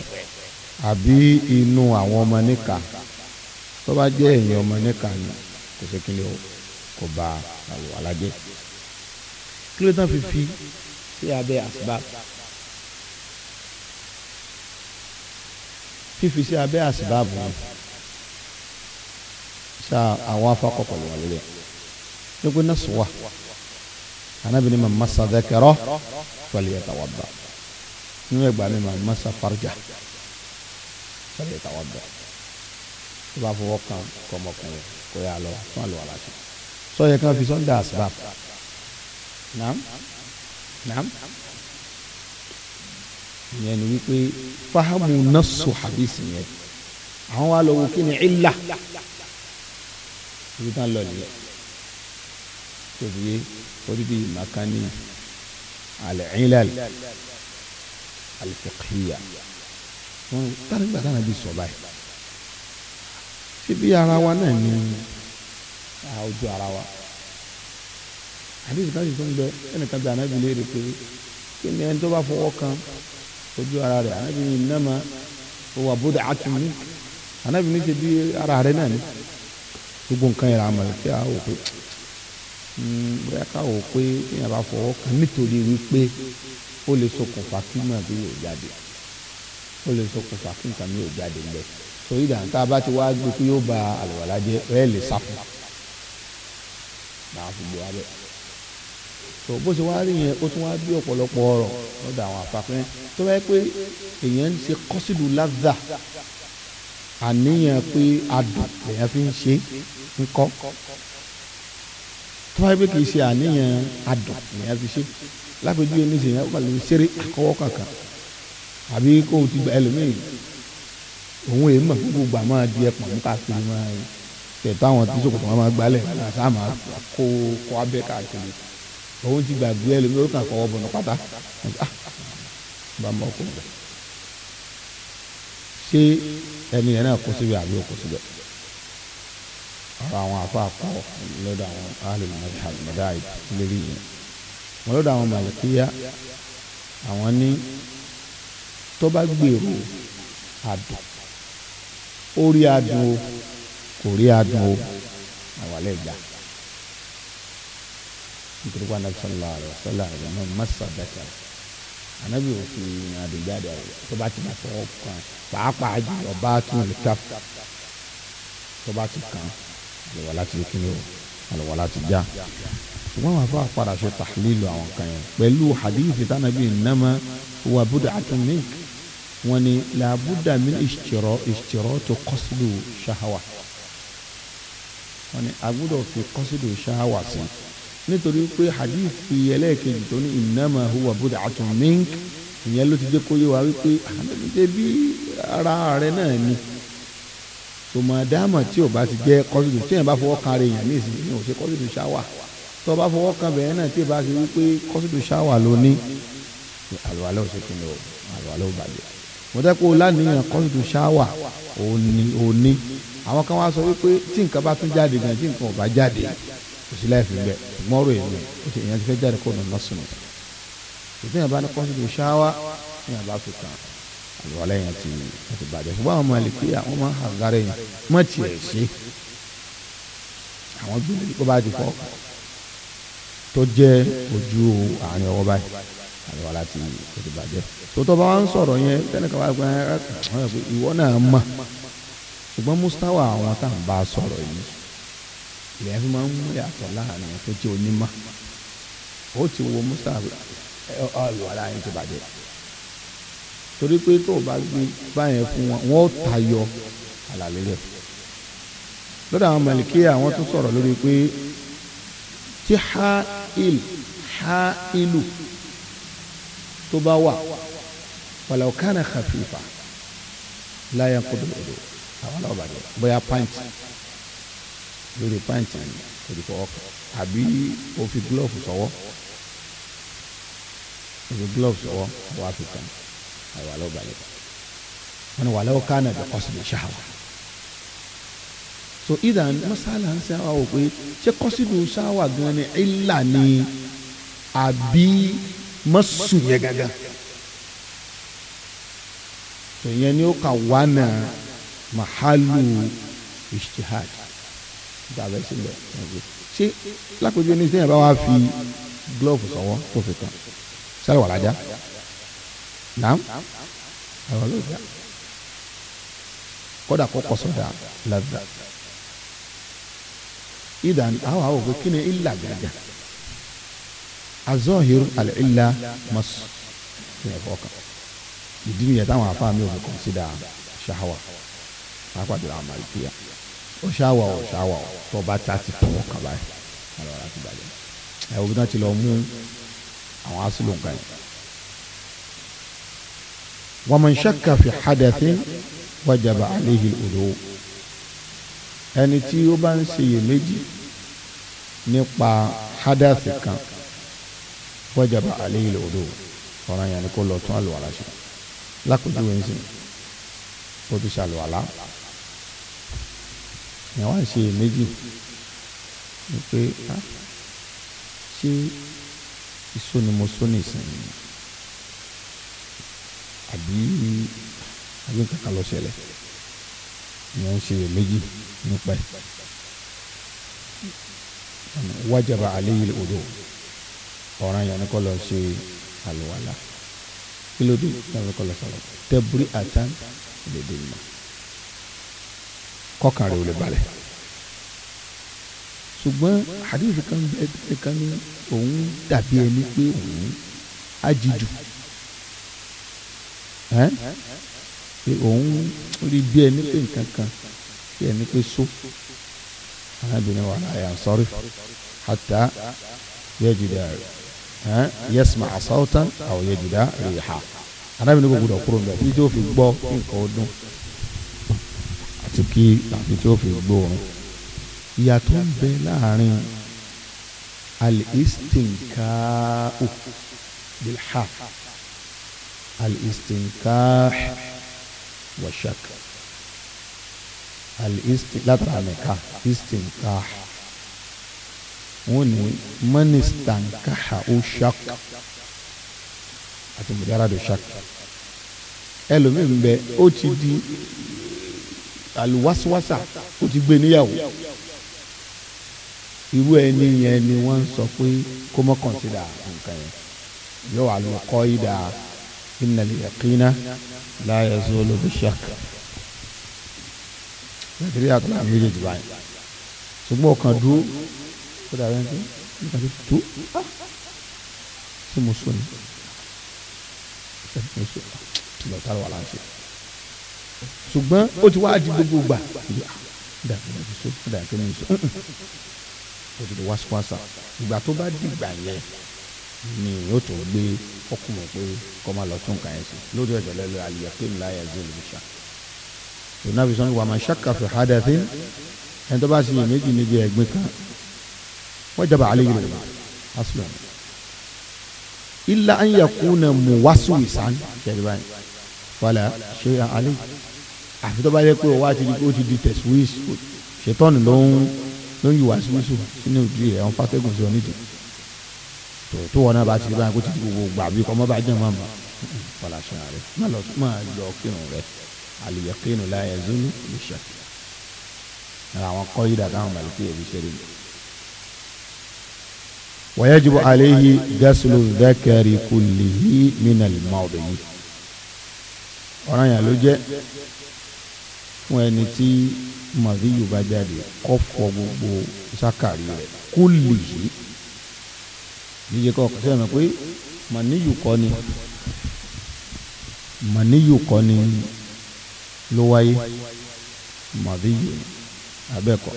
àbí inú àwọn ọmọ níka tó bá jẹ́ ẹ̀yìn ọmọ níka ni kò sí kí ni o kò bá àlùwàlá jẹ́ kí ló tán fi fi sí abẹ́ àsìbá. fífi sí abẹ́ àsìbáàbù ni ṣá àwọn afakọ pẹ̀lú wà lórí ẹ̀ nígbà náà sọ wà anábìrin ma masa dẹkẹrọ falyatawadda nínú ẹgbàá mi ma masa farja falyatawadda tó bá fọwọ́ kan kọmọkùnrin kó yà lọ fún àlùwàlá ṣe sọ yẹ kí wọn fi sọ ń da àsìbáàbù naam naam ìyẹn ni wípé fahamu nasu hadith yẹn àwọn wa lọ wo kí ni illa ibi tán lọ nìyẹn tóbi yé oríbi makani al-ilal al-fiqhiyya wọn tani gbàdá náà bí sọ báyìí síbi ara wa náà ní ojú ara wa àdéhùn káyọ̀ tó ń bẹ ẹnìkan bí anábìlẹ̀ rẹ̀ pé kí ni ẹni tó bá fọwọ́ kan ojú ara rẹ̀ anabi ni nama owó abúdá atumi anabi ni ṣe bí ara rẹ̀ náà ni gbogbo nǹkan yẹn àmọ̀ tí a wò pé hmm, bóyá ká wò pé èèyàn bá fọwọ́ kan nítorí wípé ó lè ṣokùnfà kí mà bí yóò jáde ó lè ṣokùnfà kí nǹkan mi yóò jáde ń bẹ so ìdá tá a bá ti wá gbé pé yóò ba àlùwàlá jẹ́ lè sá Báà fún bọ́ abẹ́ so bó ṣe wá rí yẹn ó tún wá bí ọ̀pọ̀lọpọ̀ ọ̀rọ̀ lọ́dọ̀ àwọn àfàfẹ́ tó bá yẹ pé èèyàn ń ṣe kọ́sìlù ládà àníyàn pé adùn lèèyàn fi ń ṣe ńkọ́ tó bá yẹ pé kì í ṣe àníyàn adùn lèèyàn fi ṣe lápẹjú yẹn níṣẹ́ yẹn ó kàlẹ́ ṣeré àkọ́wọ́ kàkà àbí kó o ti gba ẹlòmíì òun èèmọ gbogbo gbà máa di ẹpọn nípa kiri máa tẹ̀ táwọn tí sòkòtò máa gbalẹ̀ wọn sáà kó kó abẹ́ káàkiri òun ti gbàgbé ẹlòmíì ó kàn fọwọ́ bọ̀nà pátá ah, bá mọ ọkọ rẹ ṣé ẹni yẹn náà kó síbẹ̀ àbí ó kó síbẹ̀ ọ̀rọ̀ àwọn afọ àpọ̀ lọ́dọ̀ àwọn alùmọ̀ọ́sàbí mọ̀dáì lérí yẹn wọn lọ́dọ̀ àwọn màlìkíyà àwọn ní tó gbèrò adùn ó adùn o kò rí adùn o àwàlẹ̀ ìjà nítorí pé anabi sallallahu alayhi wa sallam man massa dakara anabi ò fi àdìjáde àwọ tó bá ti máa fọwọ́ kan pàápàá jùlọ bá tún lè ká tó bá ti kàn àlùwà láti yẹ kíni o àlùwà láti já ṣùgbọ́n wàá fọ́ àpàdà ṣe tàhlílù àwọn kan yẹn pẹ̀lú hadithi tánàbí nàmà wà búdà àtúnmík wọn ni làbúdà mi ìṣirọ́ ìṣirọ́ tó kọ́sídù ṣáháwà wọn ni àgbúdọ̀ fi kọ́sídù ṣáháwà sí i nítorí pé hadithi ẹlẹ́ẹ̀kejì tó ní innama huwa bud'atun mink ìyẹn ló ti jẹ́ kó yé wa wípé àlẹ́mìtẹ́ bí ara rẹ náà ni sòmọ̀dáàmọ̀ tí ò bá ti jẹ́ kọ́sìtò tí yẹn bá fọwọ́ kan ara èèyàn ní ìsìn ìyẹn ò ṣe kọ́sìtò ṣáwà tó o bá fọwọ́ kan bẹ̀rẹ̀ náà tí ì bá ṣe wípé kọ́sìtò ṣáwà ló ní àlùwalẹ̀ ò ṣe kí ni o àlùwalẹ̀ ò bàjẹ́ mo jẹ́ pé o láníyàn kọ́sìtò ṣáwà ò ní àwọn kan wá sọ wípé tí nǹkan bá tún jáde gan tí nǹkan ò bá jáde kò sí láì fi bẹ mọ́rò èmi ó ṣe èèyàn ti fẹ́ jáde kó nà lọ́sùn mi ṣùgbọ́n yàrá ní kọ́ńtì ló ṣáwá ní yàrá bá fi kàn àlùwalẹ̀ yẹn ti ti bàjẹ́ ṣùgbọ́n àwọn màlìkíyà wọ́n máa ń hàn gárẹ́ yẹn má tiẹ̀ ṣe àwọn gbìyànjú kó bá ti fọ́ tó jẹ́ ojú àárín ọwọ́ báyìí àlùwalá ti ti bàjẹ́ tòótọ́ bá ń sọ̀rọ̀ yẹn tẹ́nìkan bá gbọ́n ìwọ náà mọ̀ ṣùgbọ́n mustawa àwọn tá à ń bá sọ̀rọ̀ yìí Ìyẹn fi máa ń mú ìyàtọ̀ láàárín ẹni tó jẹ́ onímọ̀. Ó ti wo mustapha, àlùwàlá yẹn ti bàjẹ́. Torí pé tó bá gbé gbá yẹn fún wọn, wọn ó tayọ ààlà lórí Lọ́dọ̀ àwọn Màlìkíyà àwọn tún sọ̀rọ̀ lórí pé tí ha'il, ha'ilu tó bá wà, walau kana khafifa la yanqudul wudu, àlùwàlá ó bàjẹ́. Bóyá pint lórí pàǹtì rẹ̀ kò rí fọwọ́ kàn àbí o fi glove sọwọ́ o fi glove sọwọ́ wàá fi kàn àìwá lọ́ọ́ balẹ̀ wọn ni wàá lọ́ọ́ kánà bí kọ́sìdì ṣáàwá so idan masala ń sáwà wò pé ṣé kọ́sìdì ṣáàwá gan ni ìlà ni àbí mọ́sùn gangan so ìyẹn ni ó kà wánà màhálù ijtihad dàbẹ́ sílẹ̀ ṣé lápẹjọ ní sẹ́yìn bá wá fi glove sọ̀wọ́ tó fi kàn sáré wà lájà naam àwọn olóòjà kódà kó kọ sọdà ladà idan àwọn àwọn òkè kí ni ilà gàgà azọhir alìlà mas ìyẹn fọkàn ìdí nìyẹn táwọn afáàmì òkè kọ̀nsídà ṣahawa pàápàá jùlọ àwọn malikiya ọ̀ṣàwà ọ̀ṣàwà tó bá ta ti fọwọ́ kàn báyìí alọ́ láti bàjẹ́ ẹ̀ òbí náà ti lọ mú àwọn asúlù nǹkan yìí. wa man shakka fi hadathin wajaba alayhi al-wudu ẹni tí ó bá ń ṣiyèméjì nípa hadathi kan wajaba alayhi al ọ̀ràn yẹn ni kó lọ tún àlùwàlá ṣe lákòójú wẹ̀ ń sìn ó ti ṣàlùwàlá èèyàn wá ń ṣe èméjì wípé á ṣé ìsó ni mo só nísìnyí àbí àbí nǹkan kan ló ṣẹlẹ̀ èèyàn ń ṣe èméjì nípa ẹ̀ wájàbà àléyìn odò ọ̀ràn yẹn ni kó lọ ṣe àlùwàlà kí ló dé kí ló kọ́ lọ sọ̀rọ̀ tẹ́búrí àtàn lè dè mà kọ́kàn rẹ̀ ò lè balẹ̀ ṣùgbọ́n hadith kan bẹ́ẹ̀ bẹ́ẹ̀ kan ní òun dàbí ẹni pé òun ajijù ẹ́ pé òun rí bí ẹni pé nǹkan kan bí ẹni pé so arábìnrin wà láyà sọrí hàtà yẹjìdá ẹ yẹsùmá àsáwọtán àwọn yẹjìdá rèéha arábìnrin kò gbọdọ̀ kúrò níbẹ̀ títí ó fi gbọ́ nǹkan ọdún àti kí àfi tí ó fi gbó wọn. ìyàtọ̀ ń bẹ láàrin al-istinka'u bilha al-istinkah wa shak látara nìka istinkah wọn ni mọ́nìstankaha ó shak àti mùjáradò shak ẹlòmíín bẹ ó ti di àlùwàsíwàsà ó ti gbé níyàwó irú ẹni yẹn ni wọ́n ń sọ pé kó mọ́ kọ̀nsídà nǹkan yẹn yóò wà lọ kọ́ ìdá innal yaqina la yazulu bishak nàìjíríà tó láàmì méjèèjì báyìí ṣùgbọ́n ọkàn dúró ó dàbí ẹni tó nígbà tó tó sí mùsùlùmí lọ́tà wà láǹfẹ̀ẹ́ ṣùgbọ́n ó ti wá di gbogbo gbà dàkínà ti so dàkínà ti so ó ti di wáṣíwáṣà ìgbà tó bá dìgbà yẹn ni yóò tó gbé ọkùnrin pé kọ́ máa lọ tún kàn yẹn sí lórí ọ̀jọ̀ lẹ́lẹ́ àlùyẹ̀kẹ́ ńlá yẹn zé olùṣà tòun àfi sọ́ni wàmà ṣàkàfẹ́ hadathin ẹni tó bá sì yẹ méjì níbi ẹ̀gbin kan wọ́n jábọ̀ alẹ́ yìí lọ́wọ́ ilà ń yà kú nà mú wàásù ìsàn kẹ́rì báyìí fọlá ṣé alẹ́ àfi tó bá yẹ pé ọwọ́ àti ó ti di tẹ̀síwìs ṣètọ́nù ló ń ló ń yùwà síwìsù sínú ìdí ẹ̀ ọ̀n fàtẹ́gùn sí onídìí tó tó wọn náà bá ti rí báyìí kó ti di gbogbo gbà bí kọ́mọ́ bá jẹ́ mọ́mọ́ wàlá ṣe rẹ̀ má lọ má lọ kírun rẹ̀ àlùyẹ̀kínu la yazulu bi shakk àwọn kọ́ yìí dàtà àwọn màlúkì ẹ̀mí ṣe rí mi. wa yajibu alayhi ghaslu dhakari kullihi min al fún ẹni tí màdíyù bá jáde kọ́ fọ gbogbo sákàrí rẹ̀ kó lè yí yíyí kọ́ ọ̀kọ́ sẹ́yìn pé màníyù kọ́ ni màníyù kọ́ ni ló wáyé màdíyù abẹ́kọ̀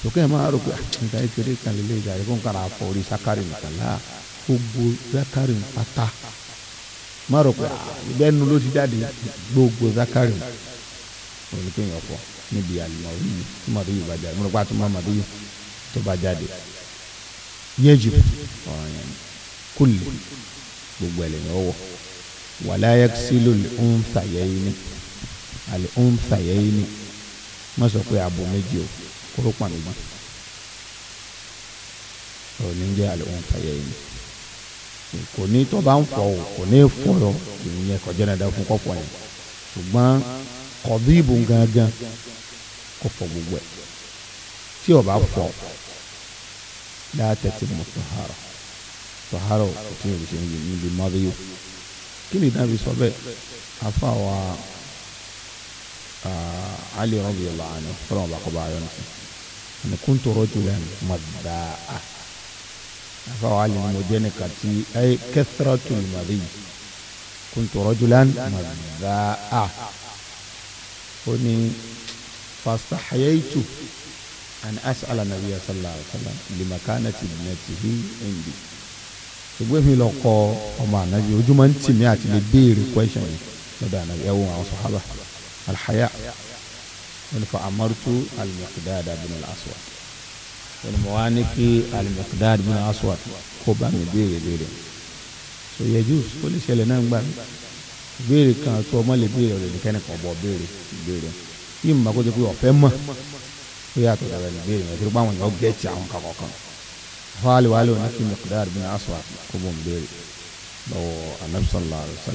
sókè máa rò pé ah, nǹkan ìkéré kan lè lè jàre kó n kàrà àfọwọ́rí sákàrí nìkan láà gbogbo sákàrí pátá má rò pé ìbẹ́nu ah, ló ti jáde gbogbo sákàrí nìkan òní kéèyàn kọ níbi àlùmọ̀wíyì tí màdúyù bá jáde mọ̀lọ́pàá tó máa màdúyù tó bá jáde yẹ́jù ọ̀ràn yẹn kúlì gbogbo ẹlẹ́yìn ọwọ́ wàláyé sílò ọ̀nfàyẹ́yìní àlẹ́ ọ̀nfàyẹ́yìní má sọ pé abo méjì o kóró pa méjì òní jẹ́ àlẹ́ ọ̀nfàyẹ́yìní kò ní tó bá ń fọ o kò ní fọ o kì í yẹ kọjá náà dá fún kọ́fọ́ yẹn ṣùgbọ́n kọ̀díìbù gangan kò fọ gbogbo ẹ̀ tí o bá fọ láti mọ tọ́hárà tọ́hárà o tí yóò ṣe níbi mọ́ríyó kí ni dábì sọ bẹ́ẹ̀ afa wa ah, ali radiyallahu anhu fọlọ́n ọba kọba ayọ́ nìsín ani kuntu rajulan madda'a afa wa ali ni mo jẹ́ ni kàti ẹ kathratul madhi kuntu rajulan madda'a ó ní fastahayaitu an as'ala nabiyya sallallahu alaihi wa sallam limakanati ibnatihi indi ṣùgbọ́n mi lọ kọ ọmọ ànábi ojúmọ́ ń tì mí àti lè béèrè question yìí lọ́dọ̀ ànábi ẹ̀wọ̀n àwọn sọ̀hábà alhaya wọn fa amartu al-Miqdad bin al-Aswad wọn mọ̀ wá ní kí al bin al kó bá mi béèrè béèrè so yẹ lè ṣẹlẹ̀ náà ń gbà mí béèrè kan tó ọmọ lè béèrè ọ̀rẹ́ lè kẹ́ni kan bọ̀ béèrè béèrè yìí mọ̀ kó tó pé ọ̀fẹ́ mọ̀ ó yàtọ̀ dàbẹ̀ lè béèrè yẹn tó bá wọn yàn gẹ̀ẹ́tì àwọn kankan kan fáàlì wàhálì wọn kí Miqdad bin Aswad kó bọ̀ ń béèrè lọ́wọ́ anabi sallallahu alayhi wa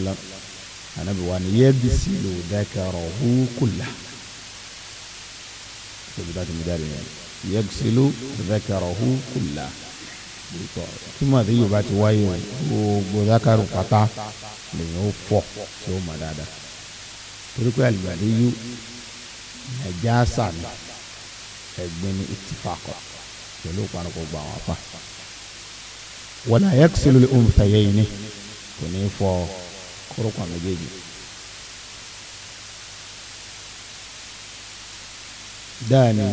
sallam dẹ́kẹ̀rọ̀ húkúlà tóbi túmọ̀ tí yorùbá ti wáyé o gbogbo zakaru pátá lèyìn ó fọ tí ó mọ̀ dáadáa torí pé àlùbàdé yú nàjàsà ni ẹ̀gbin ni ìtìfàkọ̀ pẹ̀lú ìpanukọ̀ gbà wọn pa wala yaksilu lè ohun yìí ni kò ní fọ kórópọ̀ méjèèjì. dáa ni.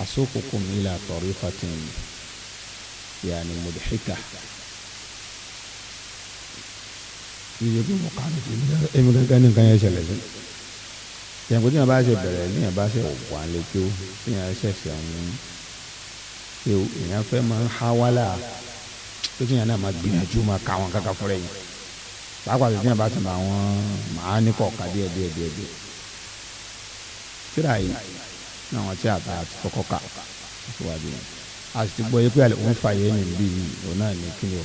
أسوقكم إلى طريقة يعني مضحكة iye kó mo kàn ti èmi kankan ní nǹkan yẹn ṣẹlẹ̀ sí yẹn kó tíyẹn bá ṣe bẹ̀rẹ̀ tíyẹn bá ṣe wà lé kí ó tíyẹn ṣẹ̀ṣẹ̀ ń kí ó èèyàn fẹ́ máa ń há wálà tó tíyẹn náà máa gbìyànjú máa ka àwọn kankan fúnra yẹn pàápàá tó tíyẹn bá ti máa wọn màá ní kọ̀ọ̀kan díẹ̀ díẹ̀ díẹ̀ díẹ̀ ní àwọn tí àtà àti kọ́kọ́ kà síwájú yẹn a sì ti gbọ́ yé pé àlẹ́ òun fàyè mi bí òun náà ní kíni o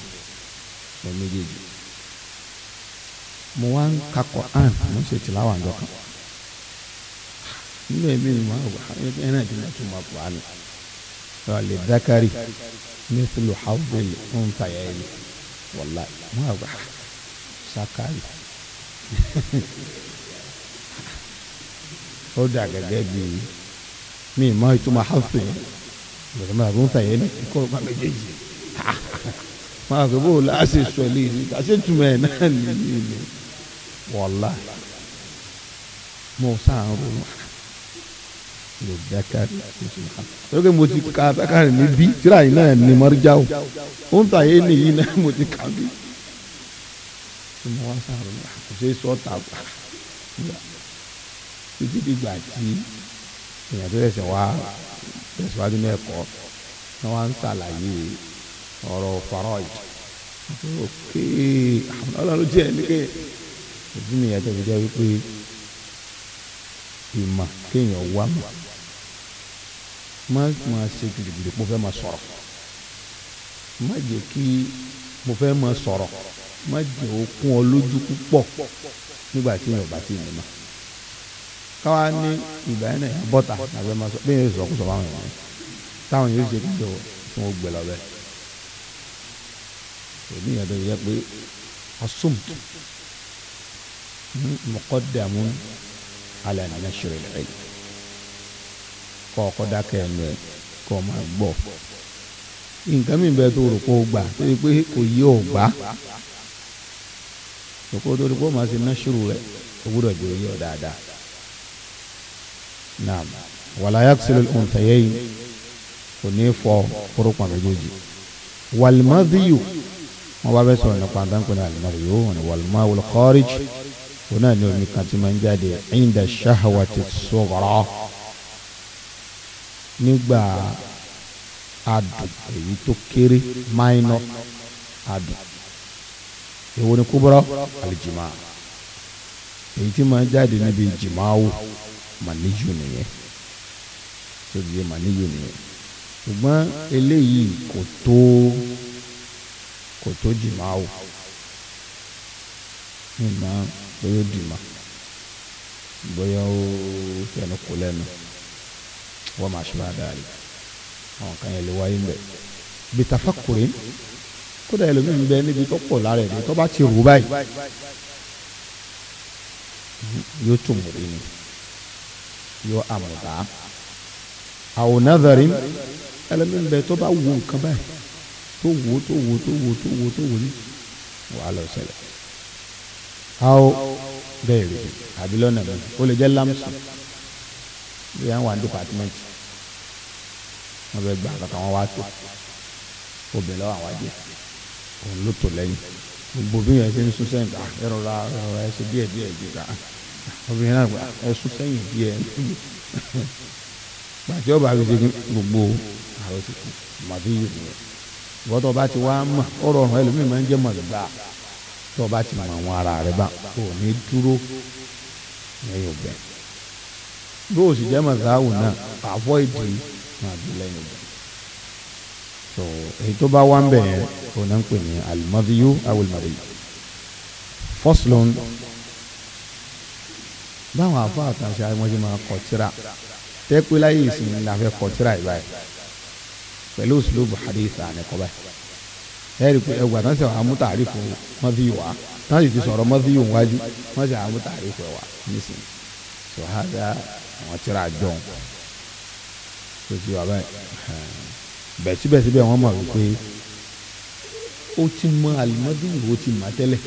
mo méjèèjì mo wá ń ka Quran mo ń ṣe tìláwà ń dọ́kan nínú èmi ni màá wà ẹ náà ti máa tún máa kọ́ àná lè dákàrí mithlu hawdil unthayaini wallahi màá wà sákàrí ó dà gẹ́gẹ́ bíi mi mọ ìtumọ̀ hafi ìgbàgbọ́ àbò ń fàyè ní kọ́ ọ̀gá méjèèjì máa kò bó o la a sọ eléyìí kà ṣe túmọ̀ ẹ̀ náà nìyí ni wọ́lá mo sáà ń ronú lè dákàrí lókè mo ti ka dákàrí mi bí tíra yìí náà ni mọ́ríjà o ó ń fàyè nìyí náà mo ti kà bí mo wá sáà ronú kò ṣe sọ tàbá títí dìgbà tí èèyàn tó ṣẹ̀ṣẹ̀ wá tẹ̀síwájú ní ẹ̀kọ́ wọ́n wá ń ṣàlàyé ọ̀rọ̀ faraid àti òkè àwọn ọlọ́run jẹ́ ẹnìkẹ́ ìdí nìyẹn tó fi jẹ́ wípé ìmọ̀ kéèyàn wá mọ̀ má má ṣe gidigidi kó fẹ́ máa sọ̀rọ̀ má jẹ́ kí mo fẹ́ máa sọ̀rọ̀ má jẹ́ òkun ọ lójú púpọ̀ nígbà tí èèyàn bá ti nìmọ̀ káwa ní ìgbà yẹn náà bọ́tà làgbẹ́ máa sọ bẹ́ẹ̀ sọ kó sọ fáwọn èèyàn táwọn yóò ṣe kíkẹ́ o tí wọ́n gbẹ lọ́bẹ̀. èmi yẹn tó yẹ pé asumtu muqaddamu ala nashr al-ilm kọ́ ọkọ́ dákẹ́ ẹnu ẹ̀ kọ́ ọ máa gbọ́ nǹkan mi bẹ́ẹ̀ tó rò kó o gbà tó yẹ pé kò yí o gbà kókó tó rò kó o máa ṣe náṣúrù rẹ̀ o gbúdọ̀ jẹ́ oyé ọ̀ dáadáa naam wala yaghsilu al-unthayayn kò ní fọ orúkún méjèèjì walmadiyu wọn bá bẹ sọ̀rọ̀ nípa àtàkùn ní alimadiyu wọn walma wulkharij wọn náà ní omi kan tí máa ń jáde inda shahawati sughra nígbà adùn èyí tó kéré minor adùn èwo ni kúbọrọ alijima èyí tí máa ń jáde níbi jìmáwò màníyù nìyẹn tó ti yé màníyù nìyẹn ṣùgbọ́n eléyìí kò tó kò tó jìmá o mímọ bóyá ó dìmá bóyá ó fẹnu kó lẹ́nu wọ́n máa ṣe bá dáre àwọn kan yẹn lè wáyé mbẹ bìtàfàkùrẹ kódà ẹlòmíín bẹ níbi tó pọ̀ lára ẹ̀ tó bá ti rú báyìí yóò tún mú rí ni yọ àmọ̀dá àwọn nàdàrí ẹlẹ́mìí bẹ tó bá wo nǹkan báyìí tó wo tó wo tó wo tó wo tó wo ní wàá lọ ṣẹlẹ̀ àwọn bẹ́ẹ̀ rèé àbí lọ́nà mi ó lè jẹ́ lamson bí wọ́n wà ní dìpátímẹ́ǹtì wọ́n bẹ gbà kankan wọ́n wá tó obìnrin lọ́wọ́ àwọn àjẹ́ òun ló tò lẹ́yìn gbogbo bí yẹn ṣe ń sún sẹ́yìn ká ah, ẹ̀rọ ra ẹ̀rọ ẹ̀ṣẹ̀ díẹ̀ díẹ̀ díẹ̀ ká obìnrin náà gba ẹ̀sùn sẹ́yìn díẹ̀ gbàtí ọba fi ṣe gbogbo àrò ti kù màbí yìí nìyẹn ìwọ́tọ̀ bá ti wá mọ̀ ọ̀rọ̀ ọ̀rọ̀ ẹlòmíì máa ń jẹ́ mọ̀lúgbà tó o bá ti mọ àwọn ara rẹ bá o ní dúró lẹ́yìn ọ̀bẹ bí o sì jẹ́ mọ̀sáwù náà àfọ́ ìdí máa dúró lẹ́yìn ọ̀bẹ so èyí tó bá wá ń bẹ̀ yẹn o náà ń pè ní alimadiyu awolmadiyu faslun báwọn afọ àtàṣà wọn ṣe máa kọ tírà tẹ́pẹ́ láyé ìsìn la fẹ́ kọ tírà yìí báyìí pẹ̀lú uslubu hadith àná kọ́ báyìí ẹ̀rí pé ẹgbà tán sì àwọn amútàrífò mọ́fíì wá tán sì ti sọ̀rọ̀ mọ́fíì wájú wọ́n sì àwọn amútàrífò wá nísìnyí sọ ha dá àwọn tírà jọ̀hún tó ti wà báyìí bẹ́ẹ̀ síbẹ̀síbẹ̀ wọ́n mọ̀ wípé ó ti mọ alimọ́dúnrún ó ti mọ̀ tẹ́lẹ̀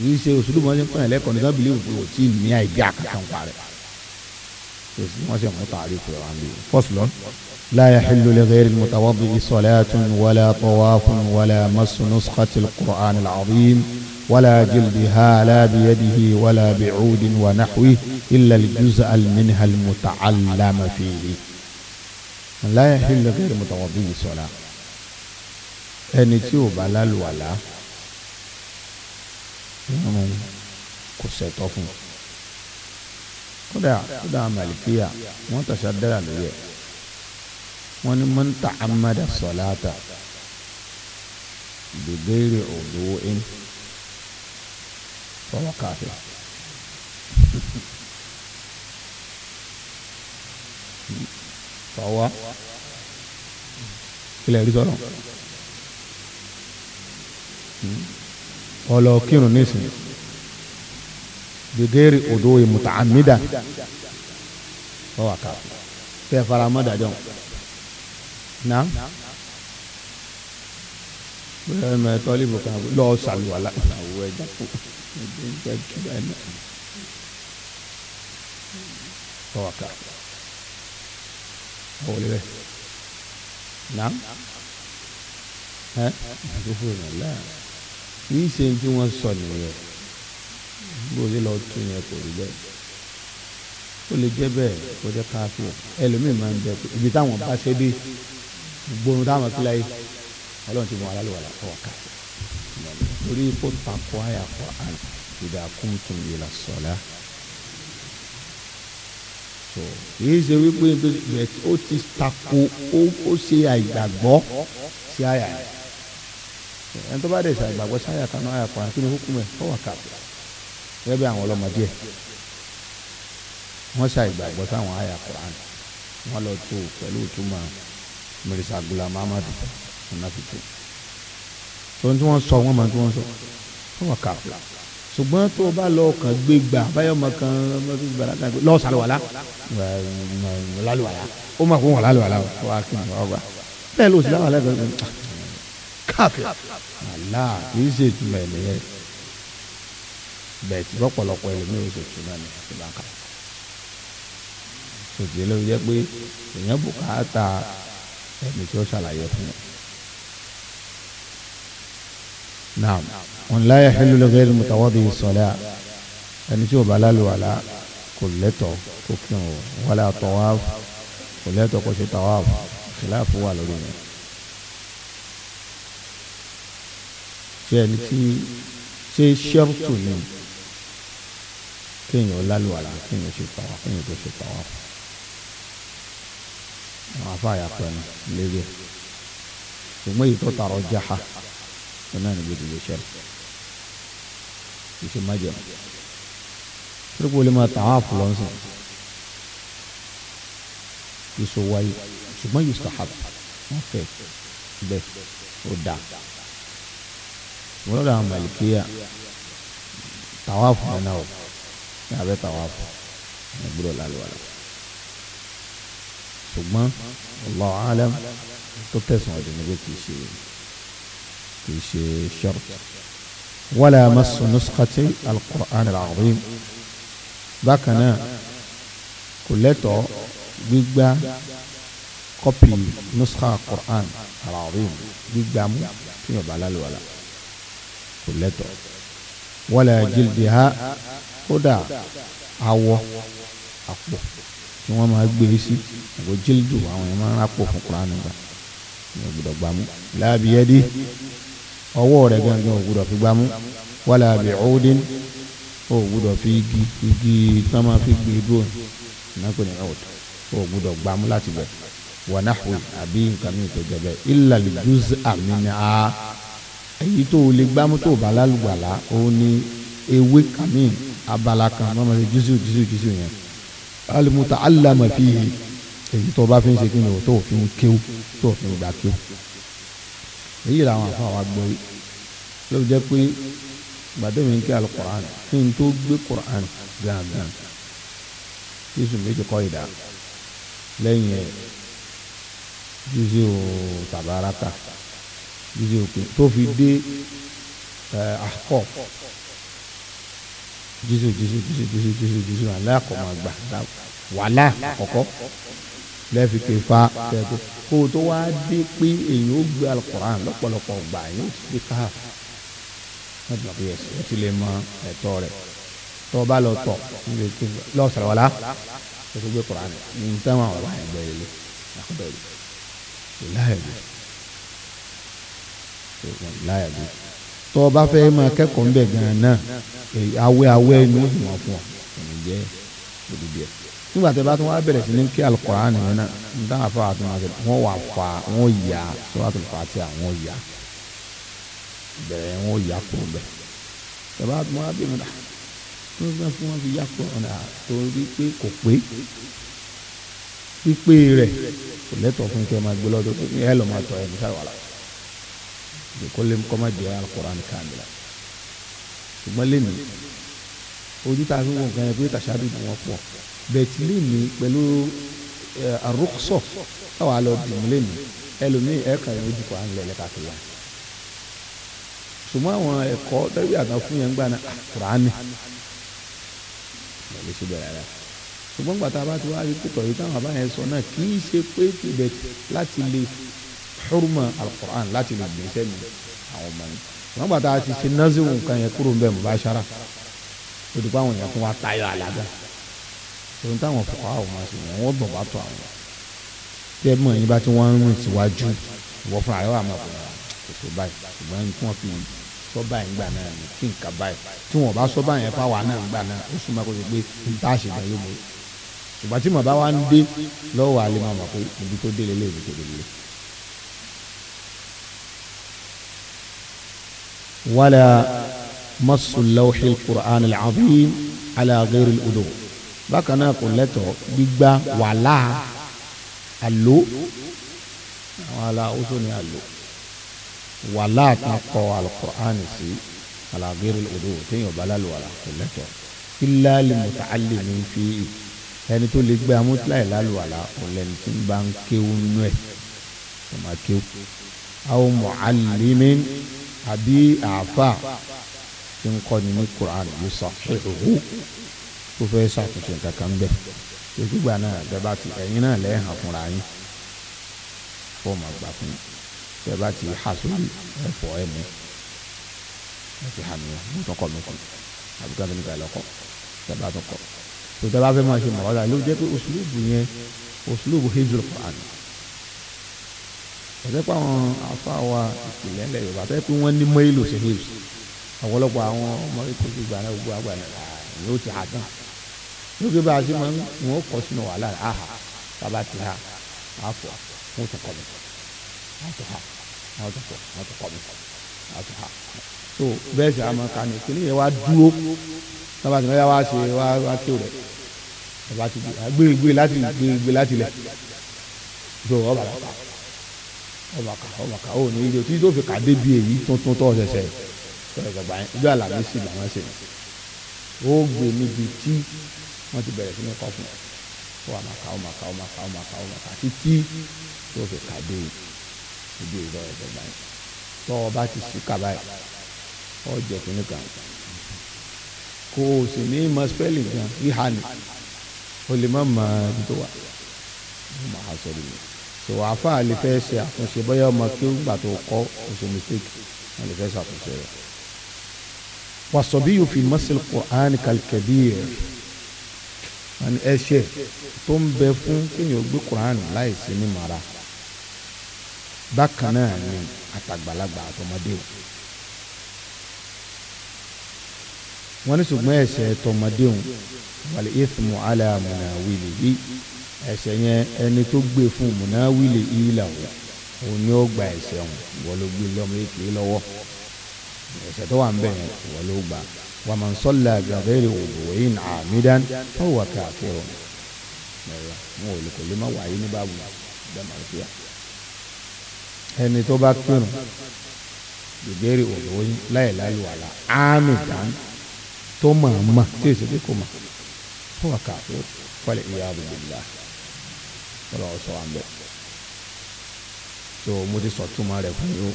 kì í ṣe òṣèlú wọn ṣe ń pọ̀ yẹn lẹ́kọ̀ọ́ nígbà bílẹ̀ òfin ò tí ì ní àìdí àkàtàn parẹ́ òsì wọn ṣe mú tààrí fún wa bí. fọ́sùlọ́n. la yahillu li ghayri al-mutawaddi salatun wala tawafun wala masu nuskhati quran al-azim wala jildiha la biyadihi wala bi'udin wa nahwi illa al-juz'a minha al-muta'allama fihi. la yahillu li ghayri al-mutawaddi ẹni tí ò bá lálùwàlá irun kò ṣẹ̀tọ́ fún un kódà kódà malikiya wọn tàṣà dára lórí ẹ wọn ni man ta'ammada salata bi ghairi wudu'in fahuwa kafir fahuwa kílẹ̀ rí sọ̀rọ̀. Hmm? ọlọ kírun nísìn gègéèrè odò ìmùtà àmìdá ọwà ká tẹ fara mọ́ dàjọ na bẹ́ẹ̀ mẹ tọ́lí bùkún lọ sàlùwàlà àwọ̀ ẹ̀dá kù ẹ̀dá kù ẹ̀dá kù ọwà ká ọwọ́ lé bẹ́ẹ̀ na ẹ̀ ẹ̀ àkókò ìrànlẹ́ kì í ṣe tí wọ́n sọ nìyẹn bó ṣe lọ tún yẹn kò rí bẹ́ẹ̀ ó lè jẹ́ bẹ́ẹ̀ kó jẹ́ káfí ẹlòmíì máa ń bẹ pé ibi táwọn bá ṣe dé gbóhùn táwọn fi láyé ọlọ́run ti mú wa lálẹ́ wà láwọ̀ káfí torí kó takò àyà kọ àn ìdá kún tún yìí la sọ̀lá kì í ṣe wípé ó ti takò ó ṣe àìgbàgbọ́ sí àyà yẹn ẹni tó bá dẹ̀ ṣàgbàgbọ́ sáyà kan náà àyàkọ́ àti ní hukumu ẹ̀ fọwọ́ kàfẹ́ gẹ́gẹ́ bí àwọn ọlọ́mọdé ẹ̀ wọ́n ṣàìgbàgbọ́ sáwọn àyà Quran wọ́n lọ tó pẹ̀lú ìtumọ̀ Mirisa Ghulam Ahmad ọ̀nà fi tó tó ń tí wọ́n sọ wọ́n mọ̀ tí wọ́n sọ fọwọ́ kàfẹ́ ṣùgbọ́n tó o bá lọ kàn gbé gbà báyọ̀ mọ̀ kan lọ́ọ̀ sàlùwàlá lálùwàlá ó mọ̀ fún wọn lálùwàlá wà kí ni wọ́n gbà bẹ́ẹ̀ ló sì láwọn alẹ́ carpet àlá kì í ṣe ìtumọ̀ ẹ̀nìyẹn bẹ́ẹ̀ tí lọ́pọ̀lọpọ̀ ẹlòmíràn oṣù tún náà ní àtibá ká sòtì ẹlẹ́wọ̀n jẹ́ pé èèyàn bùkátà ẹni tí ó ṣàlàyé fún un. naam wọn láyé ẹlú lọ́gẹ́ ẹni mùtàwọ́dì ẹni tí ò bá lálùwàlá kò lẹ́tọ̀ kó kí n wọlé àtọ̀wá kò lẹ́tọ̀ kó ṣe tàwá kìláàfù wà lórí yẹn. bí ẹni tí ṣe ṣẹ́ọ̀tù ni kéèyàn lálùwàlà kéèyàn ṣe pàwọ́ kéèyàn tó ṣe pàwọ́ àwọn afáàyà pẹ̀lú lérí ẹ̀ ṣùgbọ́n èyí tó tààrọ̀ jáha tó náà níbi ìdílé ṣẹlẹ̀ kì í ṣe májẹ̀ torípò lè máa tàwọn àfúlọ́nsìn ìṣòwò ayé ṣùgbọ́n yìí sọ̀hàbà wọ́n fẹ́ bẹ́ẹ̀ ó dáa. ولا ملكية طواف منه هذا طواف نقول الأل ولا ثم الله عالم تتسمع نقول كل كيشي كل شرط ولا مس نسخة القرآن العظيم ذاك أنا كلته بيجا كوبي نسخة القرآن العظيم بيجا مو في بلال ولا kò lẹ́tọ̀ wala jildiha kódà awọ àpò tí wọ́n máa gbé sí àgọ́ jíldù àwọn yẹn máa ń rápò fún kuraani gbà ní ògbúdọ̀ gbámú láàbì yẹ́dí ọwọ́ rẹ̀ gangan ògbúdọ̀ fi gbámú wala bi udin ògbúdọ̀ fi igi igi tán máa fi gbé dúró nàkó ní ọ̀d ògbúdọ̀ gbámú láti bẹ̀ wọnáhùn àbí nǹkan mi tó jẹ bẹ́ẹ̀ illa al juz'a minha èyí tó o lè gbámú tó o bá lálùgbàlà òun ni ewé kàmí abala kan mọ́mọ́ sí jùsù jùsù jùsù yẹn alimuta alama fi èyí tó o bá fi ń ṣe kí ni o tó o fi ń kéw tó o fi ń gbà kéw èyí làwọn afọ àwa gbọ́ yìí ló jẹ́ pé gbàdé mi ń kí alukur'an kí n tó gbé kur'an gángan jésù méjì kọ́ ìdá lẹ́yìn ẹ̀ jésù tàbáraka títí òkè tó fi dé àkọ́ eh, jésù jésù jésù jésù jésù jésù aláàkọ́ máa gbà wàhálà àkọ́kọ́ lẹ́ẹ̀fi kẹfà tẹ̀kọ́ kó o tó wáá dé pé èyí ó gbé alukoran lọ́pọ̀lọpọ̀ gbà yóò ti dé ká ẹ̀dùn àbí ẹ̀sìn ó ti lè mọ ẹ̀tọ́ rẹ̀ tó o bá lọ tọ̀ lọ sọ̀rọ̀ wàlá o tó gbé koran ní táwọn àwọn àyẹ̀gbẹ́ yẹn lé àkọ́bẹ̀rẹ̀ ìlà ẹ̀dùn láyà dé tọ́ ọ bá fẹ́ máa kẹ́kọ̀ọ́ ń bẹ̀ gan-an náà awẹ́ awẹ́ inú sì máa fún ọ ẹ̀mí jẹ́ òdìdí ẹ̀ nígbà tí a bá tún wá bẹ̀rẹ̀ sí ní kí alukọ̀rán nìyẹn náà n táwọn afa àti wọn àgbẹ̀ wọn wà fa wọn yà suratul Fatiha wọn yà bẹ̀rẹ̀ wọn yà kúrò bẹ̀ tí a bá tún wá bẹ̀rẹ̀ náà tó ń fẹ́ fún wọn fi yà kúrò náà torí pé kò pé pípé rẹ̀ kò lẹ́tọ̀ọ́ fún kí ẹ máa gbé lọ́dọ̀ ẹ lọ́ máa tọ̀ ẹ̀ nísàlùwàlà lèkọ́lẹ́ kọ́má jẹ́ alukur'an kamila ṣùgbọ́n lẹ́nu sumaleni, tá a fi wọ nǹkan yẹn pé tàṣàdù ni wọ́n pọ̀ bẹ́ẹ̀ tí lẹ́nu pẹ̀lú arúgbó táwa lọ dùn lẹ́nu ẹlòmíì ẹ̀ka yẹn ojú kan lẹ̀ lẹ́ka kìlá ṣùgbọ́n àwọn ẹ̀kọ́ tẹ́bí àgbà fún yẹn ń gbà náà alukur'ani lọ́lẹ́ síbẹ̀ rárá ṣùgbọ́n gbàtà bá ti wá rí pé tọ̀yí táwọn àbáyẹn sọ náà kì í ṣe pé tibet láti lè hurma alukur'an láti lè gbèsè mi àwọn ọmọ yẹn wọn gbà tá ṣe naziru nǹkan yẹn kúrò nbẹ mubashara ó di pé àwọn yẹn tún wá tayọ àlàdà tòun táwọn fọkọ àwọn máa ṣe yẹn wọn bọ̀ bá tọ àwọn tí ẹ mọ̀ yín bá tí wọ́n ń rìn síwájú ìwọ fúnra rẹ wà mọ̀ pé ah, kò tó báyìí ṣùgbọ́n tí wọ́n fi sọ báyìí gbà náà ni kí nǹkan báyìí tí wọ́n bá sọ báyìí fáwa náà gbà náà ó súnmọ́ kó ṣe n tá a ṣe náà yóò mọ̀ ṣùgbọ́n tí màbá wa ń dé lọ́wọ́ àlè máa mọ̀ pé ibi tó délé lé ibi tó délé lé. wala masu lawhil qur'an al-azim ala ghairi al-udu bákan náà kò lẹ́tọ̀ gbígbá wàhálà àlò àwọn aláwòsàn ni àlò wàhálà kan kọ al-qur'an sí ala ghairi al-udu téèyàn bá lálù wàhálà kò lẹ́tọ̀ illa li muta'allimin fi ẹni tó lè gbé amútláì lálù wàhálà kò lẹ́ni tí ń bá ń kéwú nú ẹ̀ kò má kéwú àwọn mu'allimin àbí àáfà tí ń kọ́ ni ní Qur'an yìí sọ ṣèṣòwò tó fẹ́ ṣàtúnṣe kankan bẹ́ẹ̀ gbígbà náà bẹ́ẹ̀ ti ẹ̀yin náà lẹ́yìn hàn fúnra yín fọ́ ma gbà fún yín bẹ́ẹ̀ bá ti hà sórí ẹ̀fọ́ ẹ̀mú ẹ̀ ti hà mí mo mi kù àbí ká fẹ́ni ká lọ́kọ̀ bẹ́ẹ̀ bá tó tẹ́ fẹ́ máa ṣe mọ̀ ọ́ dà ló jẹ́ pé òṣèlú yẹn òṣèlú hezbollah ẹ̀sẹ̀ pé àwọn afáwa ìpìlẹ̀ ńlẹ̀ Yorùbá tẹ́ pé wọ́n ní mọ́ìlù sí hibs ọ̀pọ̀lọpọ̀ àwọn ọmọ ikú ti gbà náà gbogbo àgbà náà yóò ti hà tán lókè bá a ṣe máa ń wọ́n kọ́ sínú wàhálà rẹ̀ àhà bàbá ti hà àfọ̀ wọ́n tún kọ́ mi wọ́n hà wọ́n tún fọ̀ wọ́n tún kọ́ mi wọ́n hà so bẹ́ẹ̀ sì àmọ́ kàní kìnìún yẹn wá dúró bàbá tí wọ́n yá wá ṣe wá wá kí o bàbá ti gbé gbé láti gbé gbé láti lẹ̀ so ọ̀bàlàpà ọmọkà ọmọkà ò ní ilé tí tó fi kàdé bí èyí tuntun tó ṣẹ̀ṣẹ̀ gbàgbà yẹn ojú àlàmì sì làwọn ṣe ó gbé níbi tí wọ́n ti bẹ̀rẹ̀ sí ní kọ́ fún ọ ọmọkà ọmọkà ọmọkà ọmọkà ọmọkà títí tó fi kàdé ibi ìlọ ẹsẹ gbà yẹn tọ ọ bá ti sí kaba yìí ọ jẹ kínní kan kò sì ní mọ̀ spelling gan yíha ni o lè má mọ̀ ibi tó wà ó máa sọ lónìí so àáfà lè fẹ́ ṣe àtúnṣe bóyá ọmọ kí ó gbà tó kọ́ kò ṣe mistake wọn lè fẹ́ ṣàtúnṣe rẹ̀. wasobiyu fi masil qur'an kalkabir wọn ẹ̀ṣẹ̀ tó ń bẹ fún kéèyàn gbé qur'an láì sí ní mara bákan náà ni àtàgbàlagbà àtọmọdé wọn ní ṣùgbọ́n ẹ̀ṣẹ̀ tọmọdé o wal ithmu ala munawilihi ẹ̀ṣẹ̀ yẹn ẹni tó gbé fún mùnáwìlì ìlà wọn òun ni ó gba ẹ̀ṣẹ̀ wọn wọ́n ló gbé lọ́mọ èké lọ́wọ́ ẹ̀ṣẹ̀ tó wà ń bẹ̀ yẹn wọ́n ló gbà wa man salla bi ghairi wudu'in amidan fa huwa kafirun ẹ̀rọ wọn ò lè kò lè má wáyé ní báwo dàmà fìyà ẹni tó bá kírun gbègbèrè òdòwòyìn láìláìlú àlà ámì dán tó màmá tí èsì bí kò mọ̀ fún àkàfọ́ fọlẹ̀ ìyá àbùdá ọlọ́run sọ wa ń bẹ̀ so mo ti sọ túmọ̀ rẹ̀ fún yín o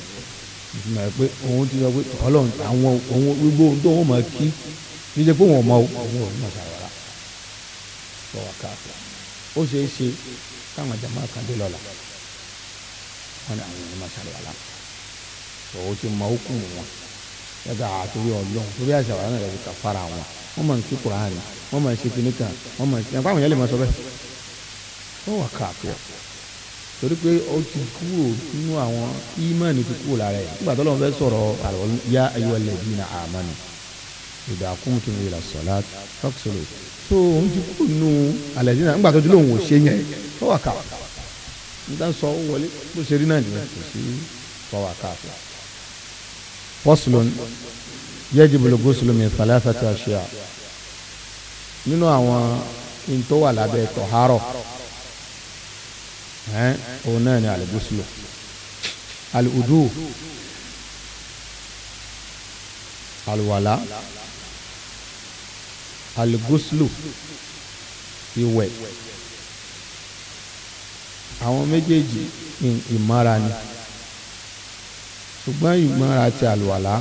túmọ̀ rẹ̀ pé òun ti sọ pé ọlọ́run àwọn òun gbogbo ohun tó wọn máa kí kí ṣe pé wọn mọ òun ò mọ sàrọ̀rà lọ́wọ́ káàkiri ó ṣe é ṣe káwọn jàmá kan dé lọ́la wọn ni àwọn èèyàn máa ṣàlùwàlá so ó ti mọ okùn wọn yàtọ̀ àtúrí ọlọ́run torí àṣàwàlá náà lè fi kà fara wọn wọn máa ń kí kuraani wọn máa ń ṣe kìnnìkan wọn máa ń ṣe ẹ̀ wọ́n wà káàfìrà torí pé ó ti kúrò nínú àwọn ìmánì ti kúrò lára ẹ̀ nígbà tó lọ́wọ́ fẹ́ sọ̀rọ̀ ya ayyuhal ladhina amanu idha qumtum ila salat faghsilu so òun ti kúrò nínú alẹ́dínà nígbà tó ti lóun ò ṣe yẹn ó wà káàfìrà nígbà sọ wọlé bó ṣe rí náà nìyẹn kò sí fọwọ́ káàfìrà. faslun yajibu al-ghuslu min thalathati ashya nínú tó ẹ́n òun náà ni alùbùsùlù alùdù alùwàlà alùbùsùlù ìwẹ̀ àwọn méjèèjì ìmára ni ṣùgbọ́n ìmára ti alùwàlà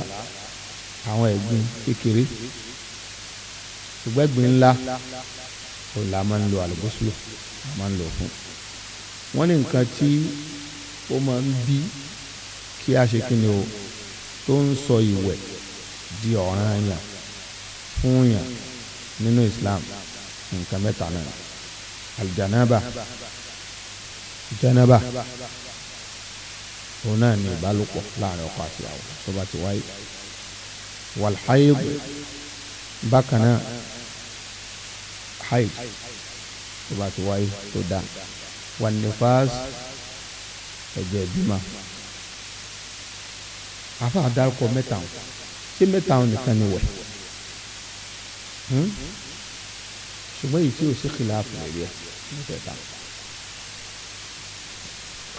àwọn ẹ̀gbin kékeré ṣùgbọ́n ẹ̀gbin ńlá òun là máa ń lo alùbùsùlù máa ń lò fún un wọ́n ní nǹkan tí ó máa ń bí kí a ṣe kí ni o tó ń sọ ìwẹ̀ di ọ̀ranyàn fún yàn nínú Islam nǹkan mẹ́ta náà aljanaba janaba òun náà ni ìbálòpọ̀ láàrin ọkọ àti ìyàwó tó bá ti wáyé walhaid bákan náà haid tó bá ti wáyé tó dáa wanifas ẹ̀jẹ̀ ìbímọ afa adarukọ mẹ́ta o ṣé mẹ́ta o nìkan ni wẹ̀ hmm? ṣùgbọ́n èyí tí o ṣe kìláàfù lórí ẹ̀ mẹ́tẹ̀ẹ̀ta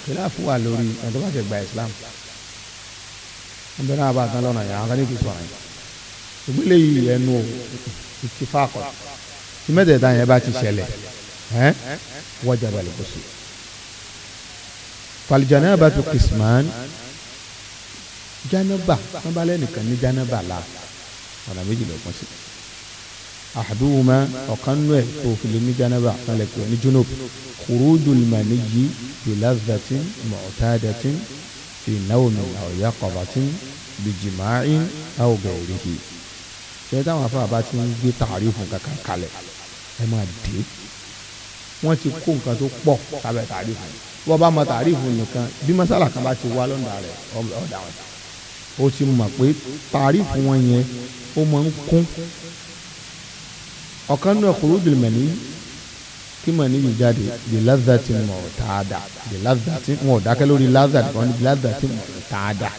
kìláàfù wà lórí ẹ̀dọ́ bá ṣe gba Islam wọ́n bẹ̀rẹ̀ àbá àtàn lọ́nà yẹn àwọn kan ní kì í sọ̀rọ̀ yẹn ṣùgbọ́n eléyìí ẹnu ìtìfáàkọ̀ tí mẹ́tẹ̀ẹ̀ta yẹn bá ti ṣẹlẹ̀ hẹn wajaba lukusi falijanaba tu kisman janaba sanbalẹ nìkan ní janaba la ọ̀nà méjì ló kún sí ahaduhuma ọ̀kan nù ẹ̀ tó fìlẹ̀ ní janaba kan lè pè ní junub khurujul maniyyi bi lazzatin mu'tadatin fi nawmin aw yaqabatin bi jima'in aw ghayrihi ṣé táwọn afáàbá ti ń gbé tààrí fún kankan kalẹ̀ ẹ máa dé wọ́n ti kó nǹkan tó pọ̀ sábẹ́ tàrífù wọ́n bá mọ tàrífù nìkan bí masala kan bá ti wá lọ́dà rẹ̀ ọ̀dà wọn. ó ti mọ̀ pé tàrífù wọn yẹn ó máa ń kún ọ̀kan náà khurujul mani kí mani yìí jáde di lazati mu'tada di lazati wọn ò dákẹ́ lórí lazati wọn di lazati mu'tada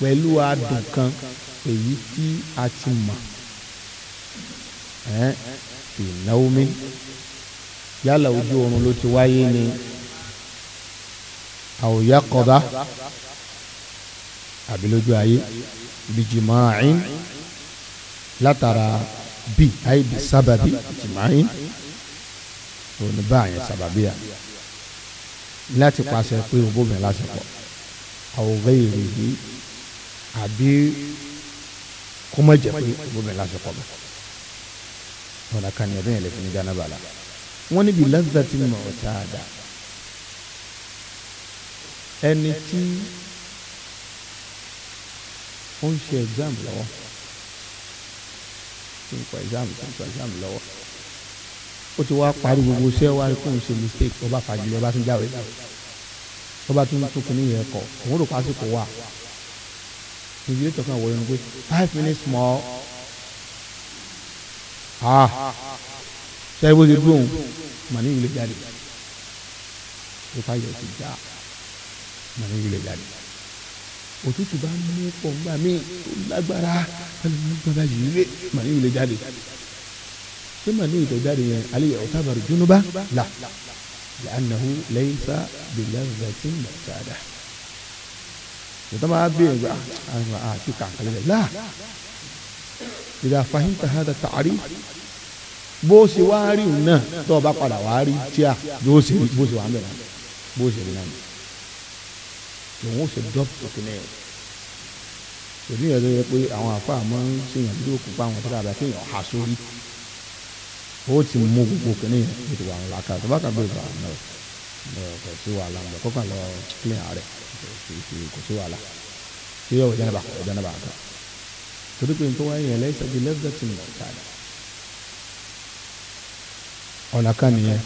pẹ̀lú adùn kan èyí tí a ti mọ̀ ẹ́ fi mi yálà ojú oorun ló ti wáyé ni àwòyá kọba àbí lójú ayé bìjìmáàín látara bí àìbí sábàbí bìjìmáàín òní bá àyẹn sábàbí à láti pàṣẹ pé o bóbin lásìkò àwòrán èrè yìí àbí kó má jẹ pé o bóbin lásìkò bẹ ọ̀nà kan ní ẹ̀dínyẹ̀lẹ̀ fi ní jánábàlá wọ́n níbi lẹ́sẹ̀tì mọ̀ ọ̀tá àdá ẹni tí ó ń ṣe exam lọ́wọ́ tí ń kọ exam tí ń kọ exam lọ́wọ́ ó ti wá parí gbogbo iṣẹ́ wa kó ń ṣe mistake ọba fagilé ọba tún jáwé ọba tún tún kìíní yẹn kọ òun rò pásítọ̀ wà invigilator kan wọlé nu pé five minutes more ah سيدي يدوم ماني يقول جاري وفا يوتي جا ماني يقول جاري وتو تبان مني فوم بامي لا بارا هل من بابا جيلي ماني يقول جاري ثم ماني يقول جاري علي يعتبر جنوبا لا لأنه ليس بلذة مرتادة وطبعا بيه بقى آه شكرا لا إذا فهمت هذا التعريف bó ṣe wá rí òun náà tó o bá padà wá rí tíà yóò ṣe rí bó ṣe wà ń bẹ̀rẹ̀ bó ṣe rí náà ni lòun ó ṣe dọ́pọ̀ kí náà sòdí yẹn tó yẹ pé àwọn àfáà máa ń ṣèyàn bí òkú pa àwọn tó dàbà kí èèyàn há sórí ó ti mú gbogbo kìnìún yẹn kó ti wà wọn làákà tó bá kà bẹ́ẹ̀ bá wọn lọ kò sí wàhálà ńlọ kó kàn lọ kílìn ààrẹ kò sí wàhálà ṣé yọ wọ jẹnaba kọ jẹnaba kọ torí pé nítorí wáyé yẹn lẹ́sẹ̀ bíi lẹ́sẹ̀ ti ọ̀nà kan nìyẹn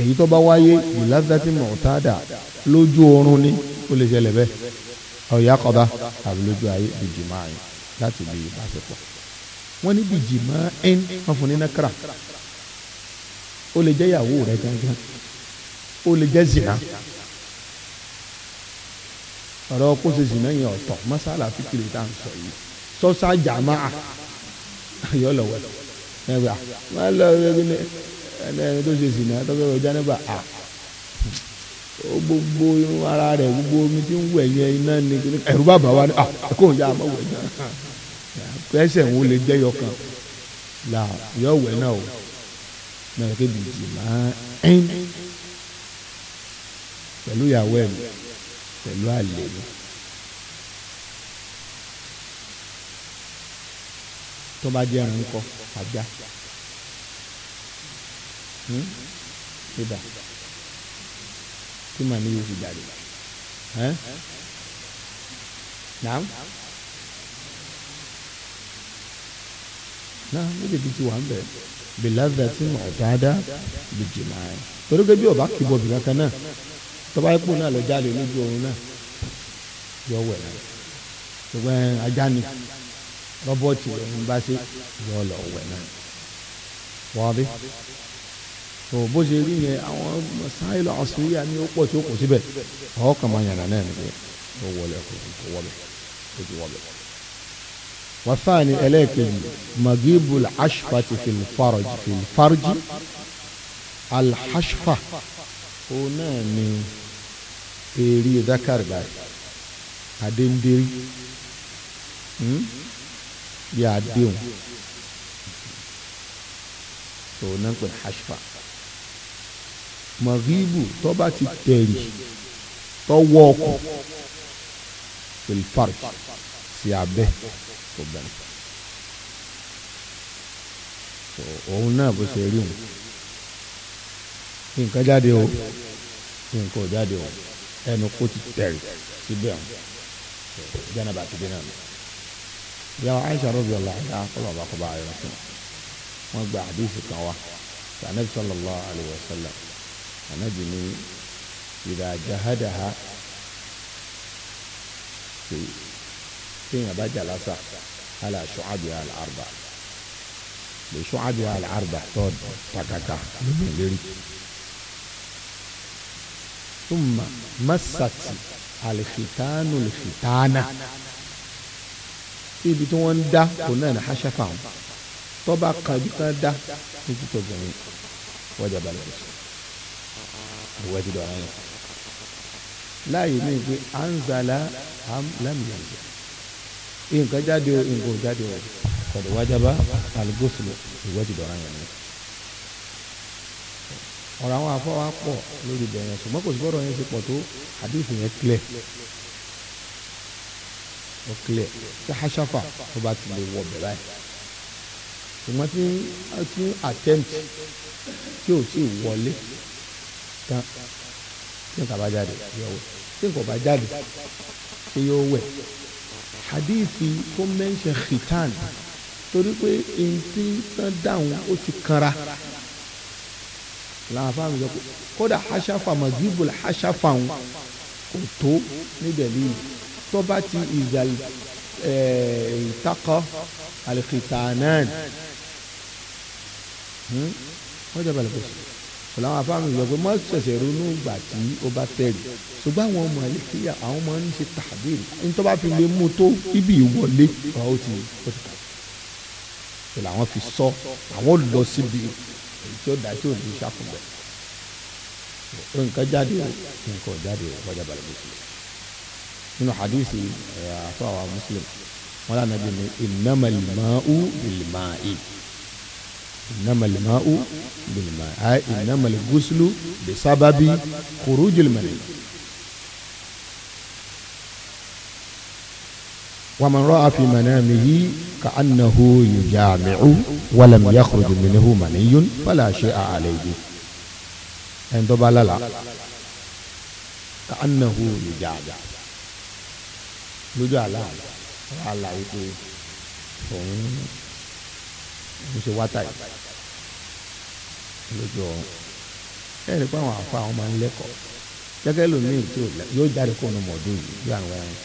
èyí tó bá wáyé ìlàzàtì mọ̀tàdà lójú oorun ni ó lè ṣẹlẹ̀ bẹ́ẹ̀ ọ̀yà kọ́ba tàbí lójú ayé bìjìmá yìí láti bí ìbáṣepọ̀ wọ́n ní bìjìmá ẹ́n wọ́n fún ní nàkàrà ó lè jẹ́ ìyàwó rẹ̀ gángan ó lè jẹ́ zina ọ̀rọ̀ kó ṣe zina yẹn ọ̀tọ̀ masala fitiri tá à sọ yìí sọ́sà jàmáà yọ̀ lọ́wọ́ lọ́wọ́ ẹgbà má lọ ẹgbẹ ẹni tó ṣe sìnà tọ́jú ẹ̀rọ jánẹ́bà à ó gbogbo ara rẹ̀ gbogbo omi tí ń wẹ̀ yẹn iná ni ẹ̀rú bàbá wa ni à kò ń yá a má wẹ̀ náà ẹsẹ̀ ń wọlé jẹ́yọ kan là yọ wẹ̀ náà o náà kébi jì máa ń pẹ̀lú ìyàwó ẹ̀ mi pẹ̀lú àlè mi. tó bá jẹ́ ẹran ńkọ́ ajá ìdá tí màmí yóò fi jáde naam náà méjèèjì ti wà ń bẹ̀ bìláàdà tí mọ̀ dáadáa lè jìmọ̀ ẹ̀ torí pé bí ọba kì í bọ̀ bìkan náà tọ́ba epo náà lọ jáde lójú oorun náà yọ wẹ̀ náà ṣùgbọ́n ajá ni rọ́bọ̀tì lòún bá ṣe yọ lọ wẹ̀ náà wọ́ọ́dí tó bó ṣe rí yẹn àwọn sáyẹ̀lì àṣíríyà ni ó pọ̀ tí ó kù síbẹ̀ ọkàn máa yànnà náà nìyẹn ó wọlé kò wọlé kò ti wọlé. wàsáàni ẹlẹ́ẹ̀kejì magibul ashfati fil farji fil farji alhashfa òun náà ni èrè dakar báyìí adéǹdérí. Hmm? bí àdéhùn so náà pè hashfa maghibu tó bá ti tẹ̀rì tó wọ́ ọkọ̀ filfarj sí abẹ́ obìnrin so òun náà bó ṣe rí òun nǹkan jáde o nǹkan ò jáde o ẹnu kó ti tẹ̀rì síbẹ̀ òun so jẹ́nàbà ti يا عائشة رضي الله عنها قل الله أخبى عليه رسول وقبى حديث الكوا فنبي صلى الله عليه وسلم ونجني إذا جهدها في فيما بدا لا على شعبها الأربع لشعبها الأربع تود تكاكا ثم مست على الختان الختانه pé ibi tí wọ́n ń dá kò náà ní aṣáfà wọn tọ́ba kan ibi tí wọ́n dá ní títọ́ obìnrin wọ́n jà balẹ̀ lọ́sọ̀ àbúwá ti dọ̀rọ̀ yẹn. láàyè mi pé anzala lamyanza nǹkan jáde o nǹkan ò jáde o kọ̀dọ̀ wájaba alugosilo ìwọ́ ti dọ̀rọ̀ yẹn ọ̀rọ̀ àwọn afọwọ́ pọ̀ lórí ibẹ̀ yẹn ṣùgbọ́n kò sí bọ́ọ̀rọ̀ yẹn ṣe pọ̀ tó hadith yẹn clear ó clear tí hashafa tó bá ti lè wọ bẹ̀ báyìí ṣùgbọ́n tí tí attempt tí ò tí wọlé tán tí nǹkan bá jáde yóò wẹ̀ tí nǹkan bá jáde ṣé yóò wẹ̀ hadithi tó mention khitan torí pé ntí tán dáhùn ó ti kanra làwọn afáàmì sọ pé kódà hashafa magibul hashafa ń kò tó ní dẹ̀líìlì tọ́ba ti ìzà ìtakọ alikitaanan hmm? wọ́n jẹ́ balẹ̀ kọ́sí sọlá àwọn afáàmì yọ pé má ṣẹ̀ṣẹ̀ ronú ìgbà tí ó bá tẹ̀lé ṣùgbọ́n àwọn ọmọ ẹlẹ́kìyà àwọn ọmọ ń ṣe tàbíìrì nítorí bá fi lè mú tó ibi ìwọlé ọ̀ ó ti ó ti kà sọ làwọn fi sọ àwọn lọ síbi èyí tí ó dá tí ò ní ṣàkùnbẹ nǹkan jáde nǹkan jáde o wọ́n منو حديث يا آه، مسلم ولا نبي إنما الماء بالماء إنما الماء بالماء هاي إنما الغسل بسبب خروج المني ومن رأى في منامه كأنه يجامع ولم يخرج منه مني فلا شيء عليه عند بلالا كأنه يجامع lójú àlá wàá là wípé òun ń ṣe wátà yìí lójú ọ̀run ẹ rí i pé àwọn àfa àwọn máa ń lẹ́kọ̀ọ́ gẹ́gẹ́ lómìn tí yóò jáde kó nu mọ̀ọ́dún yìí bí àwọn ẹ̀rín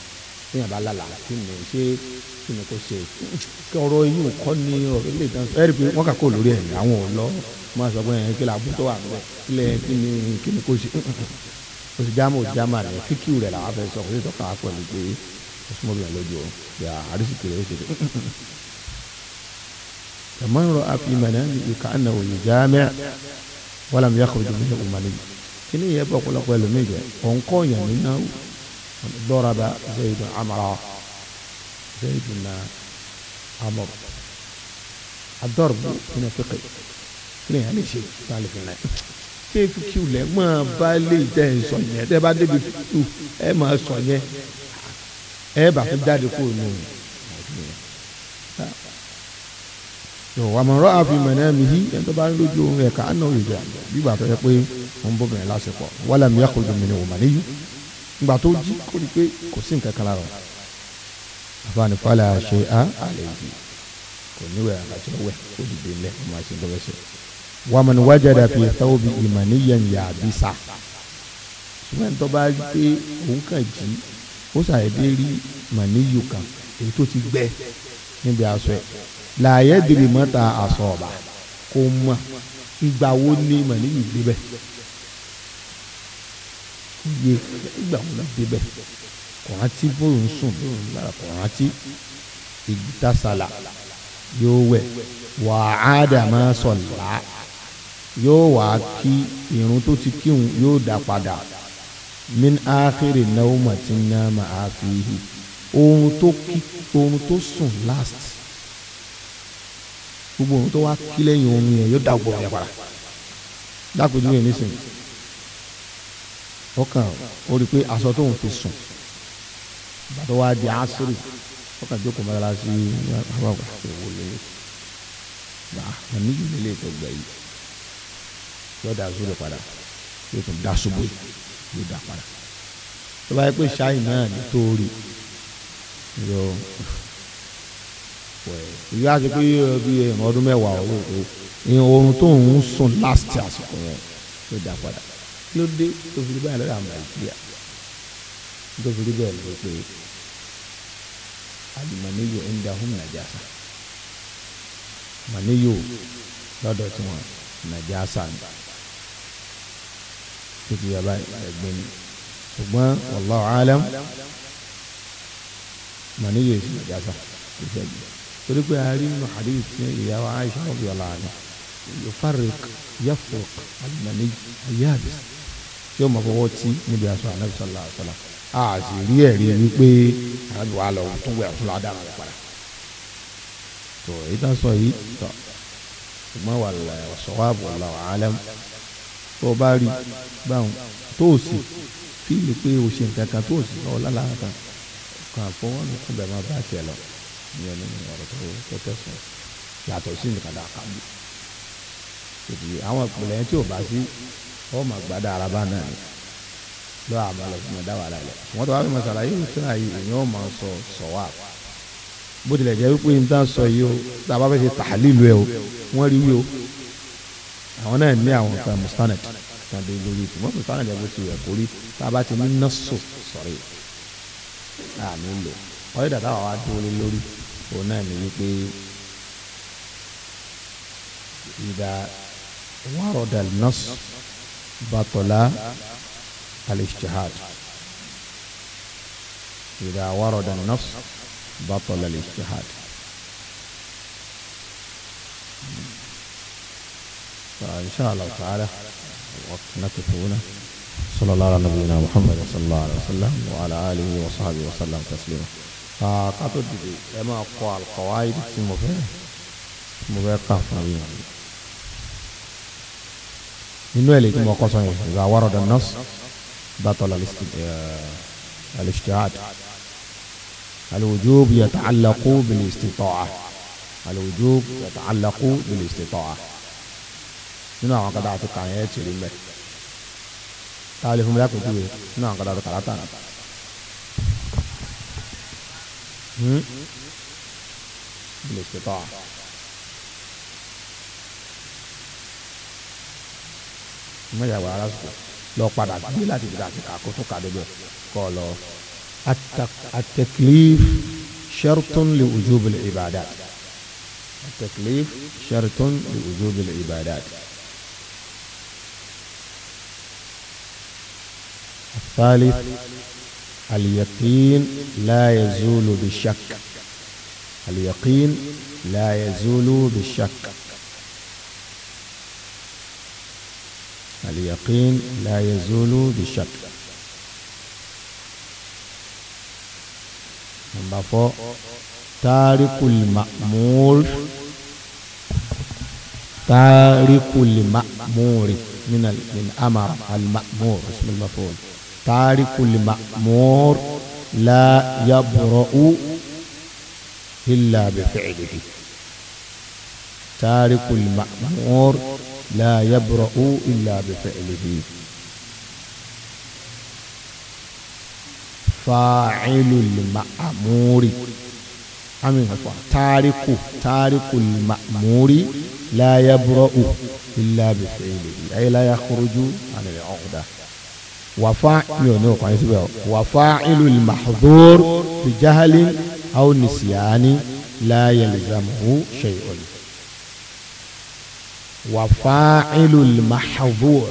tí yàrá lálà kí ni ṣé kí ni kò ṣe kí ọ̀rọ̀ yìí kọ́ ni ọ̀rọ̀ ilé ìtàn ẹ rí i pé wọ́n kà kó lórí ẹ̀mí àwọn ò lọ máa sọ pé ẹ̀yìn kí làbú tó wà níbẹ̀ ilẹ̀ kí ni kí ni kò ṣe òsì jámà òsì jámà rẹ̀ fíkìú rẹ̀ làwọn fẹ́ sọ kò sí ìtọ́ka wa pẹ̀lú pé ó súnmọ́ bí yàn lójú oorun pé àrísìkì rẹ̀ ó ṣe dé. Faman ra'a fi manamihi ka'annahu yujami' wa lam yakhruj minhu maniyy. Kí ni ìyẹn bọ̀ ọ̀pọ̀lọpọ̀ ẹlòmíì jẹ́? Òun kọ́ yàn ní náà daraba Zaydun amra Zaydun na amr. Ad-darbu min al-fiqh kí ni ìyẹn lè ṣe tá a lè fi rìn? Ṣé fíkì lẹ́gbọ̀n bá lè jẹ́ ìsọ̀yẹn? Tẹ́ bá débi fíkì ẹ máa sọ̀yẹn ẹ bá kó jáde kó nù yọ wà mọ̀rọ́ àfi mọ̀nà mi hí ẹni tó bá ń lójú ohun ẹ̀ka àná òye jà bíbà tó yẹ pé wọ́n ń bọ̀bẹ̀rẹ̀ lásìkò wàlà mi yàkó jùmọ̀ ní wòmà níyù ìgbà tó jí kó ní pé kò sí nǹkan kan lára àfààní falẹ̀ àṣẹ á àlẹ́ yìí kò níwẹ̀ àkàtì ọwẹ́ ó dìde ńlẹ̀ kó máa ṣe ń tọ́wẹ́sẹ̀. wà wájà dàbí ẹ̀fẹ́ òbí ìmọ̀ níyẹn yà bí sá ṣùgbọ́n tó bá gbé òun kàn jí ó ṣàyẹ̀dẹ́ rí màníyù kan èyí tó ti gbẹ níbi aṣọ ẹ̀ làyẹ̀ dìrì mọ́ta aṣọ ọ̀bà kò mọ̀ ìgbà wo ni màníyù débẹ̀ iye ìgbà wo ló débẹ̀ kọ̀rántí bóyá ń sùn bóyá ń lára kọ̀rántí ìgbìtàsálà yóò wẹ̀ wà á dà máa sọ̀lá yóò wà á kí irun tó ti kírun yóò dá padà min ákìrì náwó tí ń ná màá fi hì ohun tó kí ohun tó sùn last gbogbo ohun tó wá kí lẹ́yìn ohun yẹn yóò dàgbò rẹ̀ padà dákòjú yẹn nísìnyí ọkàn ó rí i pé aṣọ tó ń fi sùn ìgbà tó wá di àṣírí ọkàn jókòó mẹ́ta sí àwọn àgbàdo wọlé gbà wọn níyì lélẹ̀ tó gbà yìí yóò dá zúrò padà yóò tún dá ṣubú yìí yóò dá padà tó bá yẹ pé ṣáì náà ní tó rí yọ ìyá àti pé bí ọdún mẹ́wàá owó oorun tó ń sùn last àsìkò yẹn yóò dá padà kí ló dé tó fi rí báyìí lọ́dọ̀ àwọn nàìjíríà tó fi rí bẹ́ẹ̀ ló pé alimaniyo ń da hum najasa maniyo lọ́dọ̀ tí wọ́n najasa ni tó ti yàrá ẹ̀gbin ni ṣùgbọ́n wallahu alam màníyè èsì nàjàsà èsì ẹ̀gbin torí pé a rí nínú hadith tí ìyá wa Aisha radiyallahu anha yufarriq yafruq al-mani al-yabis tí ó mọ̀ fọwọ́ tí níbi aṣọ anabi sallallahu alayhi wa sallam a sì rí ẹ̀rí wípé anabi wa lọ tó wẹ̀ tó lọ́ọ́ dára rẹ̀ tó èyí tá a sọ yìí tọ̀ ṣùgbọ́n wàllu ṣọwọ́ wallahu alam tó o bá rí báwọn tó o sì fíìlì pé o ṣe nǹkan kan tó o sì náà lálàá kan kàn fọwọ́nù kún bẹ́ẹ̀ máa bá tiẹ̀ lọ ìyẹn nínú ọ̀rọ̀ tó tó tẹ̀sán yàtọ̀ sí nǹkan dà kàn bí. tòtí àwọn ìpìlẹ̀ yẹn tí ò bá sí ọ mà gbádà araba náà ni lọ́ àmọ́ lọ fún mi dá wàhálà ilẹ̀ ṣùgbọ́n tó wàá fi mọ̀ sàlàyé ìtura yìí èèyàn ò máa sọ sọ̀wá bó tilẹ̀ jẹ́ wípé n tán sọ yìí o tá a bá fẹ́ ṣe tàhálìlú ẹ o wọ́n rí wí o àwọn náà ní àwọn nǹkan mustanad tàbí lórí ìtumọ̀ mustanad ẹ̀ bó ti wẹ̀ kórí tá a bá ti ní nọ́ọ̀sù sọ̀rọ̀ àmì lò ọ̀rẹ́ dàda wà wá dúró lórí òun náà ní wípé ìdá wàrọ̀dà nọ́ọ̀sù bàtọ̀lá al-ijtihad ìdá wàrọ̀dà nọ́ọ̀sù bàtọ̀lá al فإن شاء الله تعالى الوقت نقف هنا صلى الله على نبينا محمد صلى الله عليه وسلم وعلى آله وصحبه وسلم تسليما فقط ẹ máa kọ àlùkọ́wáìdì tí mo fẹ́ mo fẹ́ kà fún mi inú ẹ̀ lè tí الاجتهاد الوجوب يتعلق بالاستطاعة الوجوب يتعلق بالاستطاعة nínú àwọn kata àti kàn yẹn ti rí mbẹ táwọn lè fún mi lápò tó yẹ nínú àwọn kata àti kàrà tàn. بالاستطاعة ما يا ولا سكو لو قد أقبل أتبدا كاكو تكادبه قالوا التكليف شرط لوجوب العبادات التكليف شرط لوجوب العبادات الثالث اليقين لا يزول بالشك اليقين لا يزول بالشك اليقين لا يزول بالشك نمبر 4 تارك المأمور تارك المأمور من من أمر المأمور اسم الله تارك المأمور لا يبرأ إلا بفعله تارك المأمور لا يبرأ إلا بفعله فاعل المأمور أمين تارك تارك المأمور لا يبرأ إلا بفعله أي لا يخرج عن العقدة wàfá mi ò ní òkàn yín síbẹ̀ wàfá ìlú mahdur bi jahalin aw nisiyani la yalzamuhu shay'un wàfá ìlú mahdur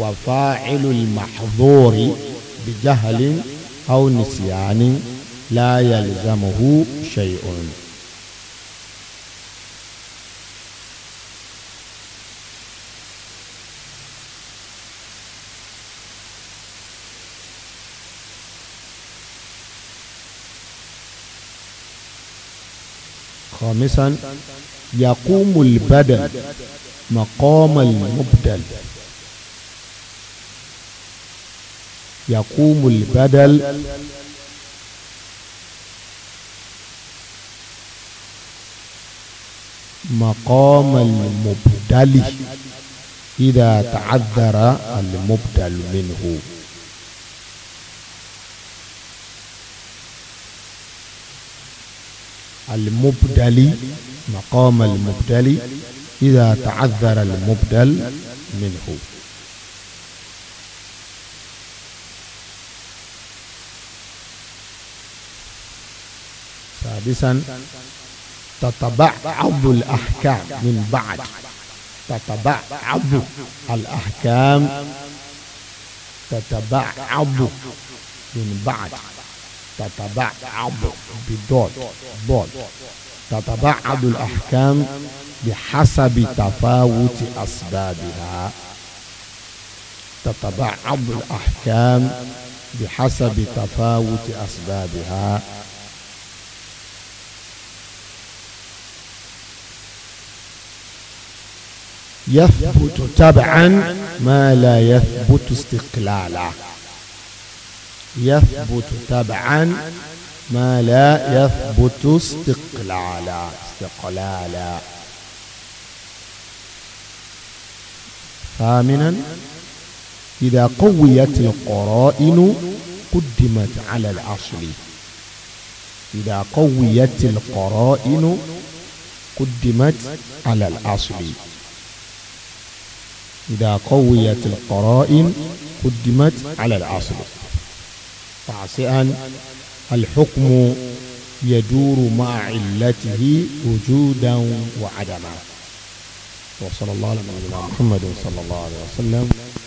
wàfá ìlú mahdur bi jahalin aw nisiyani la yalzamuhu shay'un. خامسا يقوم البدل مقام المبدل يقوم البدل مقام المبدل إذا تعذر المبدل منه المبدل مقام المبدل إذا تعذر المبدل منه سادسا تتبعض الأحكام من بعد تتبعض الأحكام تتبعض من بعد تتبعض بدوت بول تتبعض الأحكام بحسب تفاوت أسبابها تتبعض الأحكام بحسب تفاوت أسبابها يثبت تبعا ما لا يثبت استقلالا يثبت تبعا ما لا يثبت استقلالا استقلالا ثامنا إذا قويت القرائن قدمت على الأصل إذا قويت القرائن قدمت على الأصل إذا قويت القرائن قدمت على الأصل تعسئا الحكم يدور مع علته وجودا وعدما وصلى الله على نبينا محمد صلى الله عليه وسلم